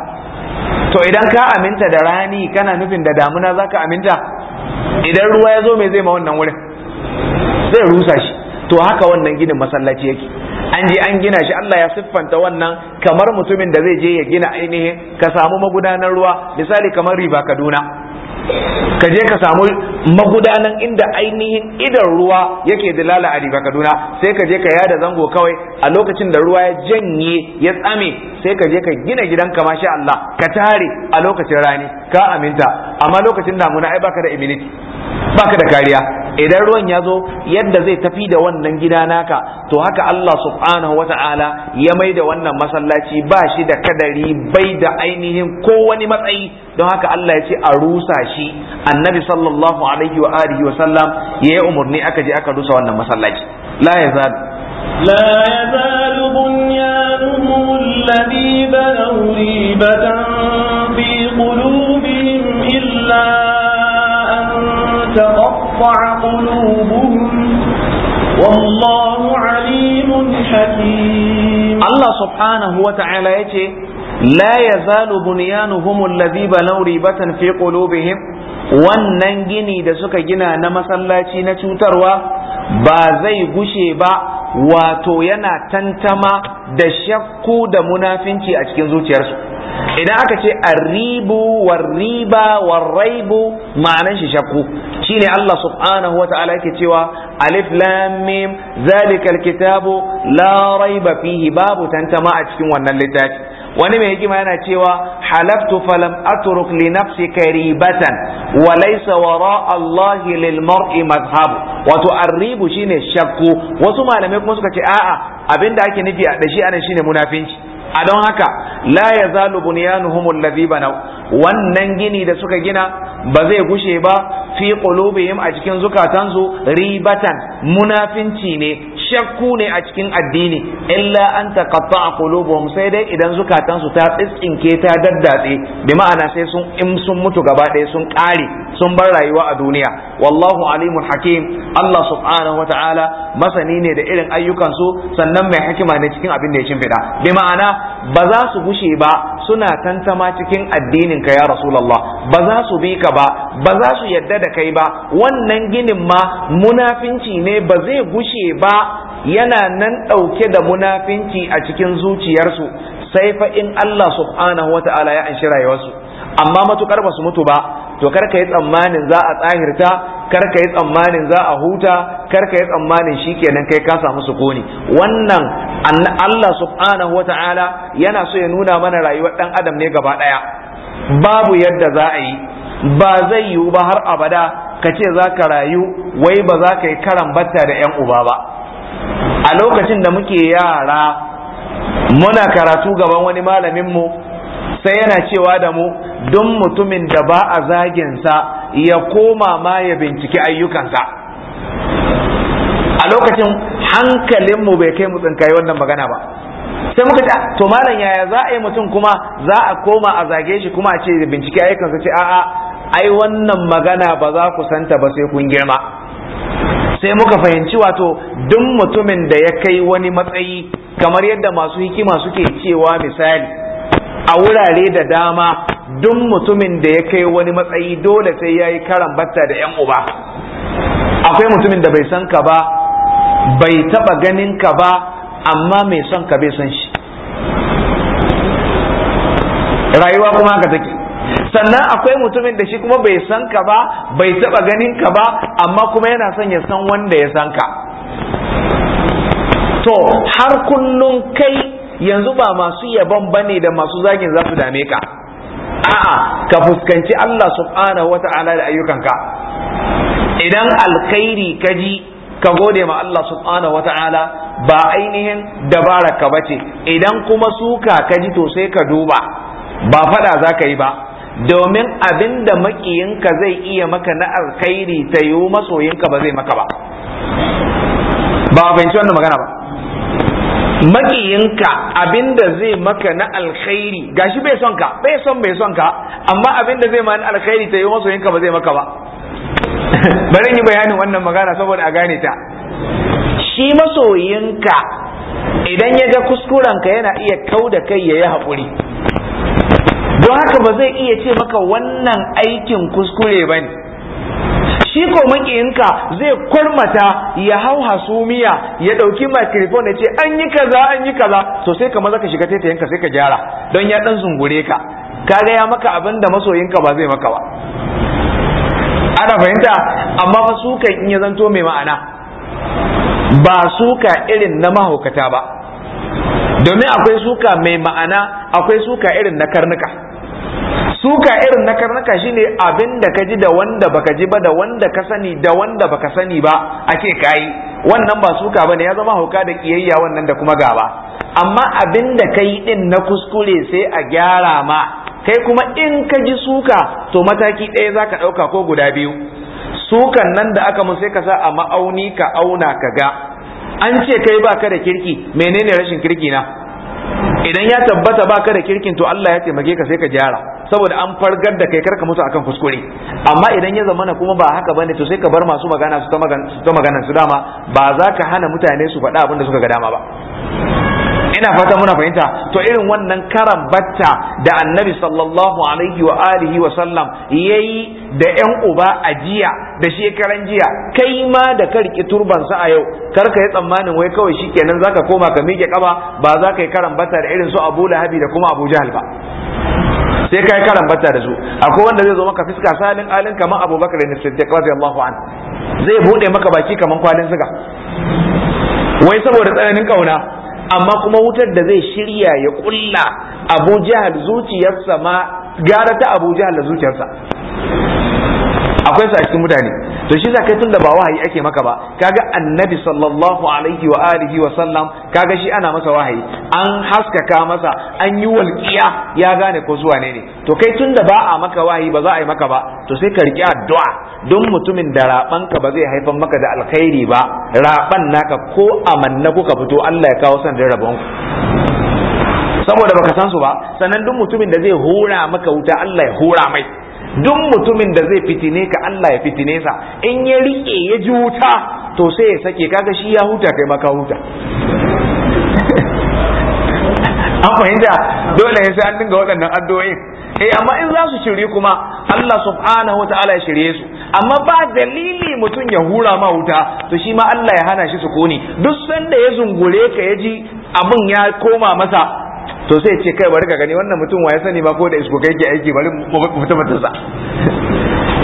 to idan ka aminta da rani kana nufin da damuna za ka aminta idan ruwa ya zo me zai ma wannan wurin zai rusa shi to haka wannan ginin masallaci yake an je an gina shi Allah ya siffanta wannan kamar mutumin da zai je ya gina ainihin ka samu magudanar ruwa misali kamar riba Kaduna ka je ka samu magudanan inda ainihin idan ruwa yake dilala a riba kaduna sai ka je ka yada zango kawai a lokacin da ruwa ya janye ya tsame sai ka je ka gina gidan ka masha Allah ka tare a lokacin rani ka aminta amma lokacin damuna ai baka da immunity baka da kariya idan ruwan ya zo yadda zai tafi da wannan gida naka to haka Allah subhanahu wa ta'ala ya mai da wannan masallaci ba shi da kadari bai da ainihin ko wani matsayi don haka Allah ya ce a rusa shi annabi sallallahu alaihi wa alihi wa sallam ya yi umarni aka je aka rusa wannan masallaci la yazal la yazal bunyanuhum alladhi banaw ribatan fi qulubihim illa an تقطع قلوبهم والله عليم حكيم الله سبحانه وتعالى يتي لا يزال بنيانهم الذي بلوا ريبة في قلوبهم wannan gini da suka gina na masallaci na cutarwa ba zai gushe ba wato yana tantama da shakku da munafinci a cikin zuciyarsu idan aka ce arribu warriba warraibu ma'anan shi shakku shine Allah subhanahu wa ta'ala yake cewa alif lam mim zalikal kitabu la raiba fihi babu tantama a cikin wannan littafi wani mai hikima yana cewa halaftu falam atruk li nafsi karibatan wa laysa wara Allah lil mar'i madhhab wato arribu shine shakku wasu malamai kuma suka ce a'a abinda ake nufi a dashi anan shine munafinci a don haka la ya zalu bunyanuhum alladhi banaw wannan gini da suka gina ba zai gushe ba fi qulubihim a cikin zukatansu ribatan munafinci ne shakku ne a cikin addini illa an a qulubuhum sai dai idan zukatansu ta tsinke ta daddatse bi ma'ana sai sun in sun mutu gaba ɗaya sun ƙare sun bar rayuwa a duniya wallahu alimul hakim Allah subhanahu wata'ala masani ne da irin ayyukan su sannan mai hikima ne cikin abin da ya shimfida bi ma'ana ba za su gushe ba suna tantama cikin addinin ka ya rasulullah ba za su bi ka ba ba za su yadda da kai ba wannan ginin ma munafinci ne ba zai gushe ba yana nan ɗauke da munafinci a cikin zuciyarsu sai fa in Allah subhanahu wa ta'ala ya anshi rayuwarsu amma matukar ba su mutu ba to kar ka yi tsammanin za a tsahirta kar ka yi tsammanin za a huta kar ka yi tsammanin shikenan kai ka samu sukuni wannan Allah subhanahu wata'ala yana so ya nuna mana rayuwar dan adam ne gaba daya babu yadda za a yi ba zai yiwu ba har abada ka ce za ka rayu wai ba za ka yi karan batta da yan uba ba a lokacin da muke yara muna karatu gaban wani malaminmu sai yana cewa da mu duk mutumin da ba a zaginsa ya koma ma ya binciki ayyukansa a lokacin hankalinmu bai kai mu tsinkayi wannan magana ba sai muka ce ah, to malam yaya za a yi mutum kuma za a koma a zage shi kuma a ce bincike ayyukansa ce a'a ai wannan magana ba za ku santa ba sai kun girma sai muka fahimci wato duk mutumin da ya kai wani matsayi kamar yadda masu hikima suke cewa misali a wurare da dama duk mutumin da ya kai wani matsayi dole sai ya yi karan batta da yan uba akwai mutumin da bai san ka ba bai taba ganin ka ba amma mai son ka bai san shi rayuwa kuma haka take sannan akwai mutumin da shi kuma bai san ka ba bai taba ganin ka ba amma kuma yana son ya san wanda ya san ka to har kullum kai yanzu ba masu yabon bane da masu zagin za su dame ka a'a ka fuskanci Allah subhanahu wata'ala da ayyukanka idan alkhairi ka ji ka gode ma Allah subhanahu wata'ala ba ainihin dabara ka bace idan kuma suka ka ji to sai ka duba ba fada za ka yi ba domin abin da makiyinka zai iya maka na alkhairi ta yiwu masoyinka ba zai maka ba ba a fahimci wannan magana ba makiyinka abinda zai maka na alkhairi gashi bai son ka bai son bai son ka amma abinda zai ma na alkhairi ta yi masoyinka ba zai maka ba bari yi bayanin wannan magana saboda a gane ta shi masoyinka idan ya ga kuskuren ka yana iya kau da kai ya yi haƙuri don haka ba zai iya ce maka wannan aikin kuskure ba ne shi ko makiyinka zai kurmata ya hau hasumiya ya ɗauki microphone ya ce an yi kaza an yi kaza to sai ka ka shiga yanka sai ka gyara don ya ɗan zungure ka ka ya maka abin da masoyinka ba zai maka ba ana fahimta amma ba su kan in ya zanto mai ma'ana ba suka irin na mahaukata ba domin akwai suka mai ma'ana akwai suka irin na karnuka suka irin na karnuka shine abin da ka ji da wanda baka ji ba da wanda ka sani da wanda baka sani ba ake kayi wannan ba suka ba ne. ya zama hauka da kiyayya wannan da kuma gaba amma abin da ka yi din na kuskure sai a gyara ma kai kuma in ka ji suka to mataki ɗaya za ka ɗauka ko guda biyu sukan nan da aka mun sai ka sa a ma'auni ka auna ka ga an ce kai ka da kirki menene rashin kirki na idan ya tabbata ba ka da kirkin to Allah ya taimake ka sai ka gyara saboda an fargar da kai karka mutu akan kuskure amma idan ya zamana kuma ba haka bane to sai ka bar masu magana su ta magana su dama ba za ka hana mutane su faɗa abin da suka ga dama ba ina fata muna fahimta to irin wannan karan batta da annabi sallallahu alaihi wa alihi wa sallam yayi da yan uba a jiya da shekaran jiya kai ma da karki turban sa a yau kar ka yi tsammanin wai kawai shikenan zaka koma ka miƙe kaba ba za ka yi karan batta da irin su Abu Lahabi da kuma Abu Jahal ba sai kai bata da su akwai wanda zai zo maka fiska salin alin kaman abubakar ne siddiq radiyallahu an zai bude maka baki kamar kwalin siga wai saboda tsananin kauna amma kuma wutar da zai shirya ya kulla abu jahal zuciyarsa ma gara ta abu jahal da zuciyarsa akwai su a cikin mutane to shi za kai tun da ba wahayi ake maka ba kaga annabi sallallahu alaihi wa alihi wa sallam kaga shi ana masa wahayi an haskaka masa an yi walƙiya ya gane ko zuwa ne ne to kai tun da ba a maka wahayi ba za a yi maka ba to sai ka riƙi addu'a don mutumin da rabanka ba zai haifar maka da alkhairi ba raban naka ko amanna kuka fito Allah ya kawo san da rabon ku. saboda baka san su ba sannan duk mutumin da zai hura maka wuta Allah ya hura mai duk mutumin da zai fitine ka Allah ya fitine sa in ya rike ya ji wuta to sai ya sake kaga shi ya huta kai maka huta an fahimta dole ne sai an dinga waɗannan addu'o'in eh amma in za su shirye kuma Allah subhanahu ta'ala ya shirye su amma ba dalili mutum ya hura ma wuta to shi ma Allah ya hana shi su koni duk sanda ya zungure ka ya ji abin ya koma masa to sai ce kai bari ka gani wannan mutum wa ya sani ba ko da isko kai ke aiki bari mu fita matarsa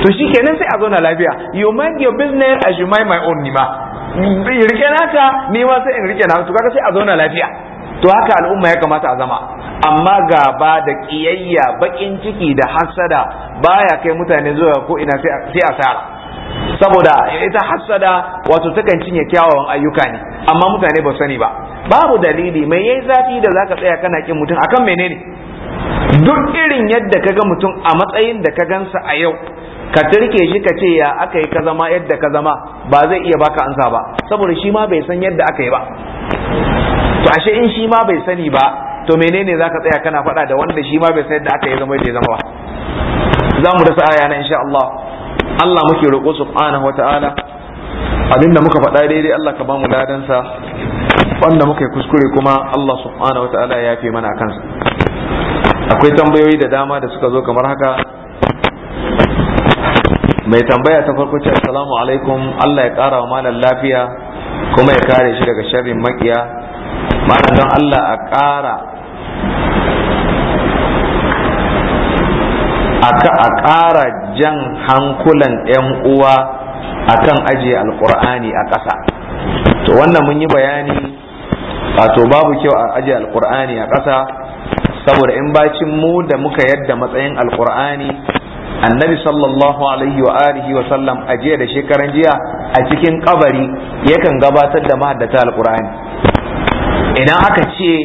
to shi kenan sai a zo na lafiya you mind your business as you mind my own nima rike naka ni ma sai in rike na to kaga sai a zo na lafiya to haka al'umma ya kamata a zama amma gaba da kiyayya bakin ciki da hasada baya kai mutane zuwa ko ina sai a tsara. saboda ita hassada wato takan cinye kyawawan ayyuka ne amma mutane ba sani ba babu dalili mai yayi zafi da zaka tsaya kana kin mutum akan menene duk irin yadda kaga mutum a matsayin da ka gansa a yau ka tirke shi ka ce ya aka yi ka zama yadda ka zama ba zai iya baka ansa ba saboda shi ma bai san yadda aka yi ba to ashe in shi ma bai sani ba to menene zaka tsaya kana faɗa da wanda shi ma bai san yadda aka yi zama yadda ya zama ba za mu rasa aya na insha Allah Allah muke roƙo subhanahu wata'ala abinda muka faɗa daidai Allah ka bamu ladansa wanda muka kuskure kuma Allah subhanahu wata'ala ya fi mana kansa akwai tambayoyi da dama da suka zo kamar haka mai tambaya ta farko ce assalamu alaikum Allah ya ƙara wa malam lafiya kuma ya kare shi daga sharrin makiya malam don Allah a ƙara aka a ƙara jan hankulan 'yan uwa a kan ajiye Alƙur'ani a ƙasa to wannan mun yi bayani wato babu kyau a ajiye Alƙur'ani a ƙasa saboda in bacin mu da muka yadda matsayin Alƙur'ani. annabi sallallahu alaihi wa alihi wa sallam a da shekaran jiya a cikin kabari yakan gabatar da mahaddata alkur'ani idan aka ce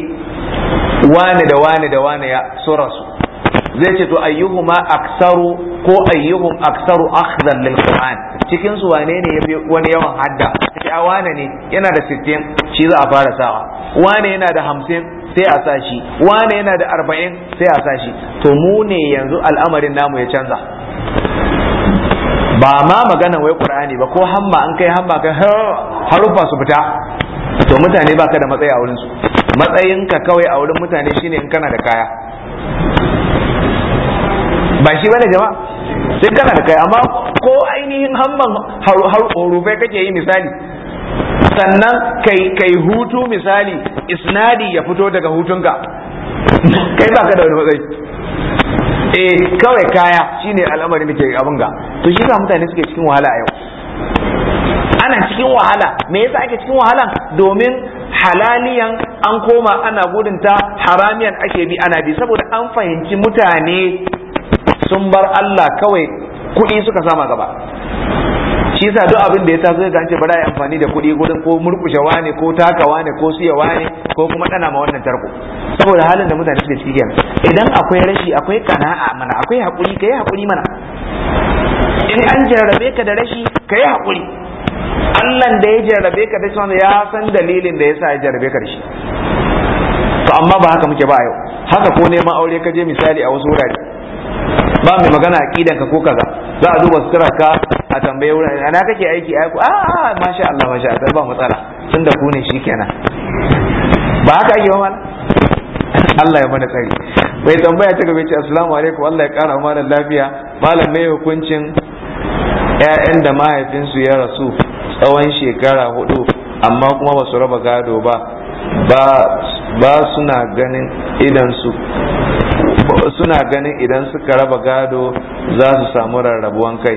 wane da wane da wane ya so rasu zai ce to ayyuhuma aksaru ko ayyuhu aksaru akhdan lil qur'an cikin su wane ne yafi wani yawan hadda sai wane ne yana da 60 shi za a fara sawa wane yana da 50 sai a sa shi wane yana da 40 sai a sa shi to mu ne yanzu al'amarin namu ya canza ba ma magana wai qur'ani ba ko hamma an kai hamma kai harufa su fita to mutane baka da matsayi a wurin su matsayinka kawai a wurin mutane shine in kana da kaya ba shi bane jama'a sai kana da kai amma ko ainihin hamman harufai kake yi misali sannan kai kai hutu misali isnadi ya fito daga hutunka kai ba ka da wani matsayi eh kawai kaya shine al'amarin da ke abin ga to shi ba mutane suke cikin wahala a yau ana cikin wahala me yasa ake cikin wahala domin halaliyan an koma ana gudunta haramiyan ake bi ana bi saboda an fahimci mutane sun bar Allah kawai kuɗi suka sama gaba shi yasa duk abin da ya taso ya ce bari a yi amfani da kuɗi gurin ko murkushe wane ko takawa ne ko siya wane ko kuma ɗana ma wannan tarko saboda halin da mutane suke ciki idan akwai rashi akwai kana'a mana akwai haƙuri kai haƙuri mana in an jarrabe ka da rashi kai haƙuri Allah da ya jarrabe ka da shi wanda ya san dalilin da yasa ya jarrabe ka da shi to amma ba haka muke ba yau haka ko neman aure ka je misali a wasu wurare ba mai magana aqidan ka ko kaza za a duba sutura ka a tambaye wurin ana kake aiki ai a a ah, ah, masha Allah masha Allah ba matsala tunda ku ne shikenan ba haka ake ba Allah ya mana tsari bai tambaya ta gaba ce assalamu alaikum Allah ya kara mana lafiya malam mai hukuncin ƴaƴan da mahaifinsu ya rasu tsawon shekara hudu amma kuma ba su raba gado ba ba suna ganin su. suna ganin idan suka raba gado za su samu rarrabuwan kai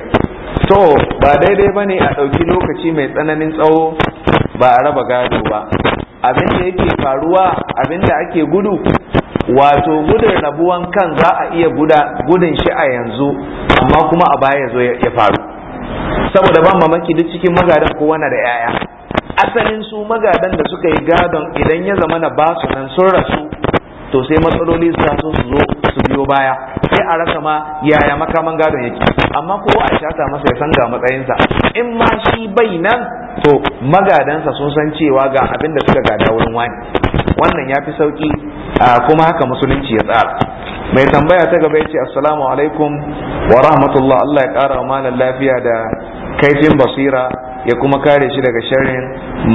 to ba daidai ba ne a ɗauki lokaci mai tsananin tsawo ba a raba gado ba abin da yake faruwa abin da ake gudu wato gudun rabuwan kan za a iya gudun shi a yanzu amma kuma a baya zo ya faru saboda ban mamaki duk cikin magadan kowa da 'ya'ya asalin su magadan da suka yi gadon idan ya zama na basu nan sun rasu to sai matsaloli su taso su zo su biyo baya sai a rasa ma yaya makaman gadon yake amma kowa a shata masa ya san ga matsayinsa in ma shi bai nan to magadansa sun san cewa ga abin da suka gada wurin wani wannan ya fi sauki kuma haka musulunci ya tsara mai tambaya ta gaba ya ce assalamu alaikum wa rahmatullah Allah ya kara wa malam lafiya da kaifin basira ya kuma kare shi daga sharrin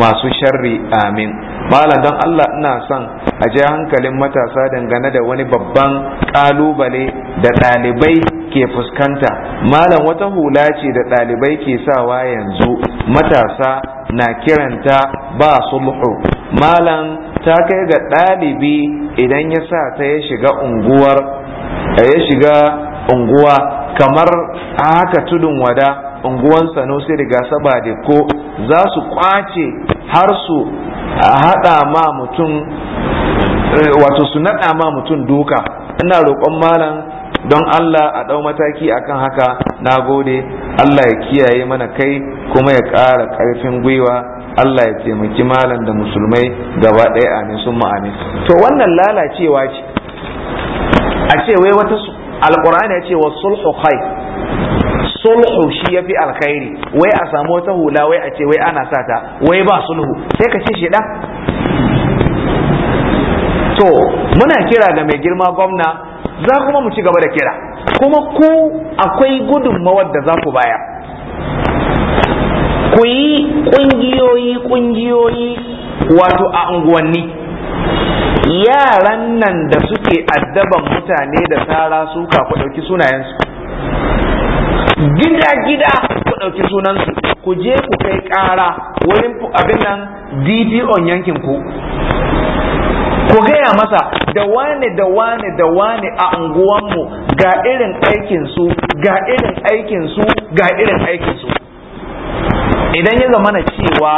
masu sharri amin malam don Allah ina son a je hankalin matasa dangane da wani babban kalubale da ɗalibai ke fuskanta malam wata hula ce da ɗalibai ke sawa yanzu matasa na kiranta ba sulhu malam ta kai ga ɗalibi idan ya sa ta ya shiga unguwar ya shiga unguwa kamar haka tudun wada unguwan sanusi riga saba da ko za su kwace har su hada ma mutum eh, wato su naɗa ma mutum duka ina roƙon malam don Allah a ɗau mataki akan haka na gode Allah ya kiyaye mana kai kuma ya ƙara ƙarfin gwiwa Allah ya taimaki malam da musulmai gaba ɗaya a sun ma'amin to wannan lalacewa ce a ce wai wata alƙur'ani ya ce wa sulhu khair sulhu shi yafi alkhairi wai a samu wata hula wai a ce wai ana sata wai ba sulhu sai ka ce shi da to muna kira ga mai girma gwamna za kuma mu ci gaba da kira kuma ku akwai gudunmawar da za ku baya ku yi ƙungiyoyi ƙungiyoyi wato a unguwanni yaran nan da suke addaban mutane da tsara suka ku ɗauki sunayensu gida gida ku ɗauki sunansu ku je ku kai ƙara wurin abin nan dpo yankin ku ku gaya masa da wane da wane da wane a unguwanmu ga irin aikinsu ga irin aikinsu ga irin aikinsu idan ya zama na cewa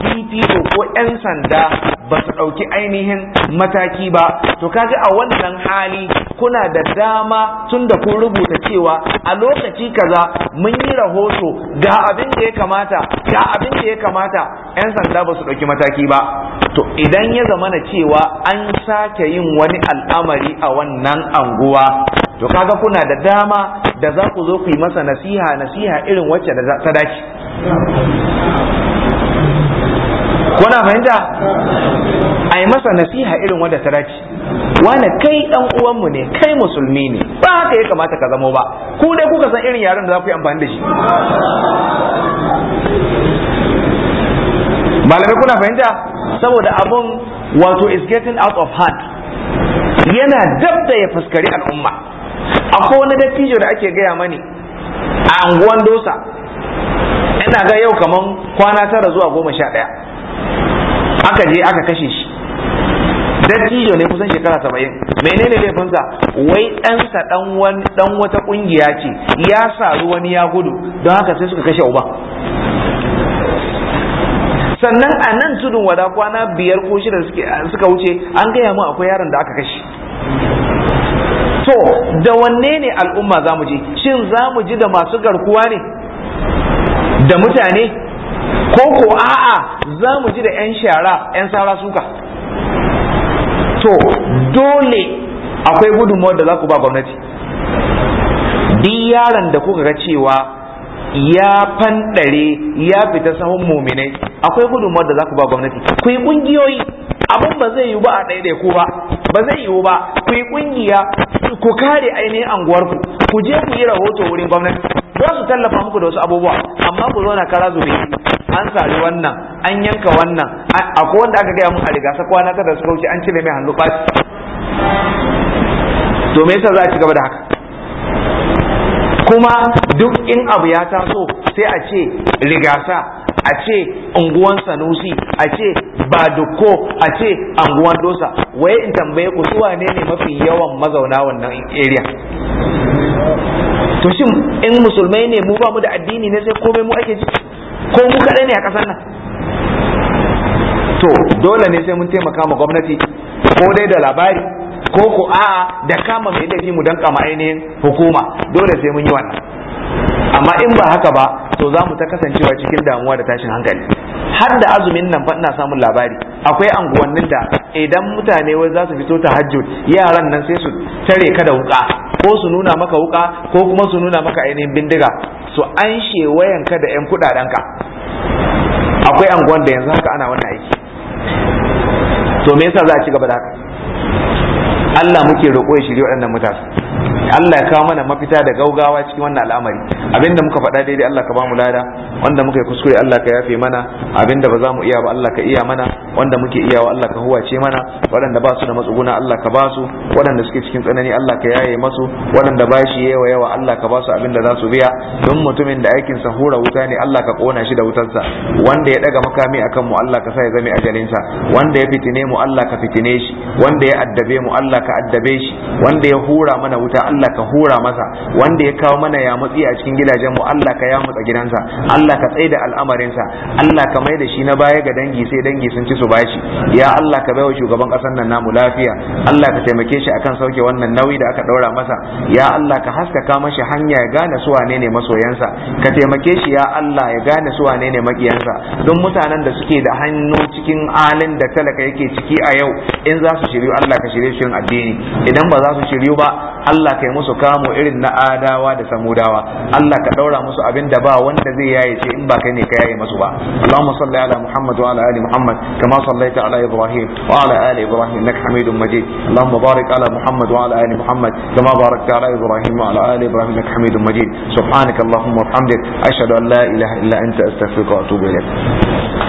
dpo ko 'yan sanda ba su ɗauki ainihin mataki ba to kaga a wannan hali kuna da dama tun da kun rubuta cewa a lokaci kaza mun yi rahoto ga abin da ya kamata ga abin da ya kamata 'yan sanda ba su ɗauki mataki ba to idan ya zama na cewa an sake yin wani al'amari a wannan anguwa to kaga kuna da dama da za ku zo ku yi masa nasiha nasiha irin wacce da ta dace kuna fahimta a yi masa nasiha irin wadda ta dace wani kai dan uwanmu ne kai musulmi ne ba haka ya kamata ka zamo ba ku dai kuka san irin yaren da za ku yi amfani da shi malamai kuna fahimta saboda abun wato is getting out of hand yana dab da ya fuskari al'umma akwai wani dattijo da ake gaya mani a anguwan dosa Yana ga yau kaman kwana tara zuwa goma sha ɗaya aka je aka kashe shi dattijo ne kusan shekara saba'in menene laifinsa wai ɗansa ɗan wata ƙungiya ce ya saru wani ya gudu don haka sai suka kashe uba sannan a nan tudun wada kwana biyar ko shida suka wuce an gaya mu akwai yaron da aka kashe to da wanne ne al'umma za mu je shin za mu ji da masu garkuwa ne da mutane ko ko a'a za mu ji da 'yan shara 'yan sara suka to dole akwai gudunmuwar da za ku ba gwamnati duk yaron da kuka ga cewa ya fanɗare ya fita sahun muminai akwai gudunmuwar da za ku ba gwamnati ku yi ƙungiyoyi abin ba zai yiwu ba a ɗaya ku ba ba zai yiwu ba ku yi ƙungiya ku kare ainihin anguwarku ku je ku yi rahoto wurin gwamnati za su tallafa muku da wasu abubuwa amma ku zo na kara zube an sari wannan an yanka wannan akwai wanda aka gaya mun a riga sakwa na kada suka wuce an cire mai hannu ɓaci to me yasa za a ci gaba da haka kuma duk in abu ya taso sai a ce rigasa a ce unguwan sanusi a ce badukko a ce unguwan dosa waye in tambaye ku su wane ne mafi yawan mazauna wannan area to shin in musulmai ne mu ba mu da addini ne sai komai mu ake ji ko mu kadai ne a kasar nan to dole ne sai mun taimaka ma gwamnati ko dai da labari ko ko a'a da kama mai laifi mu danka ma ainihin hukuma dole sai mun yi wannan amma in ba haka ba to za mu ta kasancewa cikin damuwa da tashin hankali har da azumin nan fa ina samun labari akwai anguwannin da idan mutane wai za su fito ta hajjo yaran nan sai su tare ka da wuka ko su nuna maka wuka ko kuma su nuna maka ainihin bindiga su an wayanka da 'yan ka, akwai anguwan da yanzu haka ana wannan aiki to me yasa za a ci gaba da haka Allah muke roƙo ya shirya waɗannan mutane Allah ya kawo mana mafita da gaugawa cikin wannan al'amari abinda muka faɗa daidai Allah ka bamu lada wanda muka yi kuskure Allah ka yafe mana abinda ba za mu iya ba Allah ka iya mana wanda muke iya wa Allah ka huwace mana waɗanda ba su da matsuguna Allah ka ba su waɗanda suke cikin tsanani Allah ka yaye masu waɗanda ba shi yawa yawa Allah ka ba su abinda za su biya don mutumin da aikin sa hura wuta ne Allah ka kona shi da wutar sa, wanda ya daga makami akan mu Allah ka sa ya zame ajalinsa wanda ya fitine mu Allah ka fitine shi wanda ya addabe mu Allah ka addabe shi wanda ya hura mana wuta Allah ka hura masa wanda ya kawo mana ya mutsi a cikin gidajen mu Allah ka ya mutsa gidansa Allah ka tsaida al'amarinsa Allah ka mai da shi na baya ga dangi sai dangi sun ci su bashi ya Allah ka baiwa shugaban kasar nan namu lafiya Allah ka taimake shi akan sauke wannan nauyi da aka daura masa ya Allah ka haskaka mashi hanya ya gane su wane ne masoyansa ka taimake shi ya Allah ya gane su wane ne makiyansa don mutanen da suke da hannu cikin alin da talaka yake ciki a yau in za su shiryu Allah ka shirye shirin addini idan ba za su shiryu ba Allah ka yi musu kamo irin na adawa da samudawa Allah ka daura musu abin da ba wanda zai yaye ce in baka ne ka yaye musu ba Allahumma salli ala Muhammad wa ala ali Muhammad kama sallaita ala Ibrahim wa ala ali Ibrahim innaka Hamidum Majid Allahumma barik ala Muhammad wa ala ali Muhammad kama barakta ala Ibrahim wa ala ali Ibrahim innaka Hamidum Majid subhanaka Allahumma wa bihamdik ashhadu an la ilaha illa anta astaghfiruka wa atubu ilaik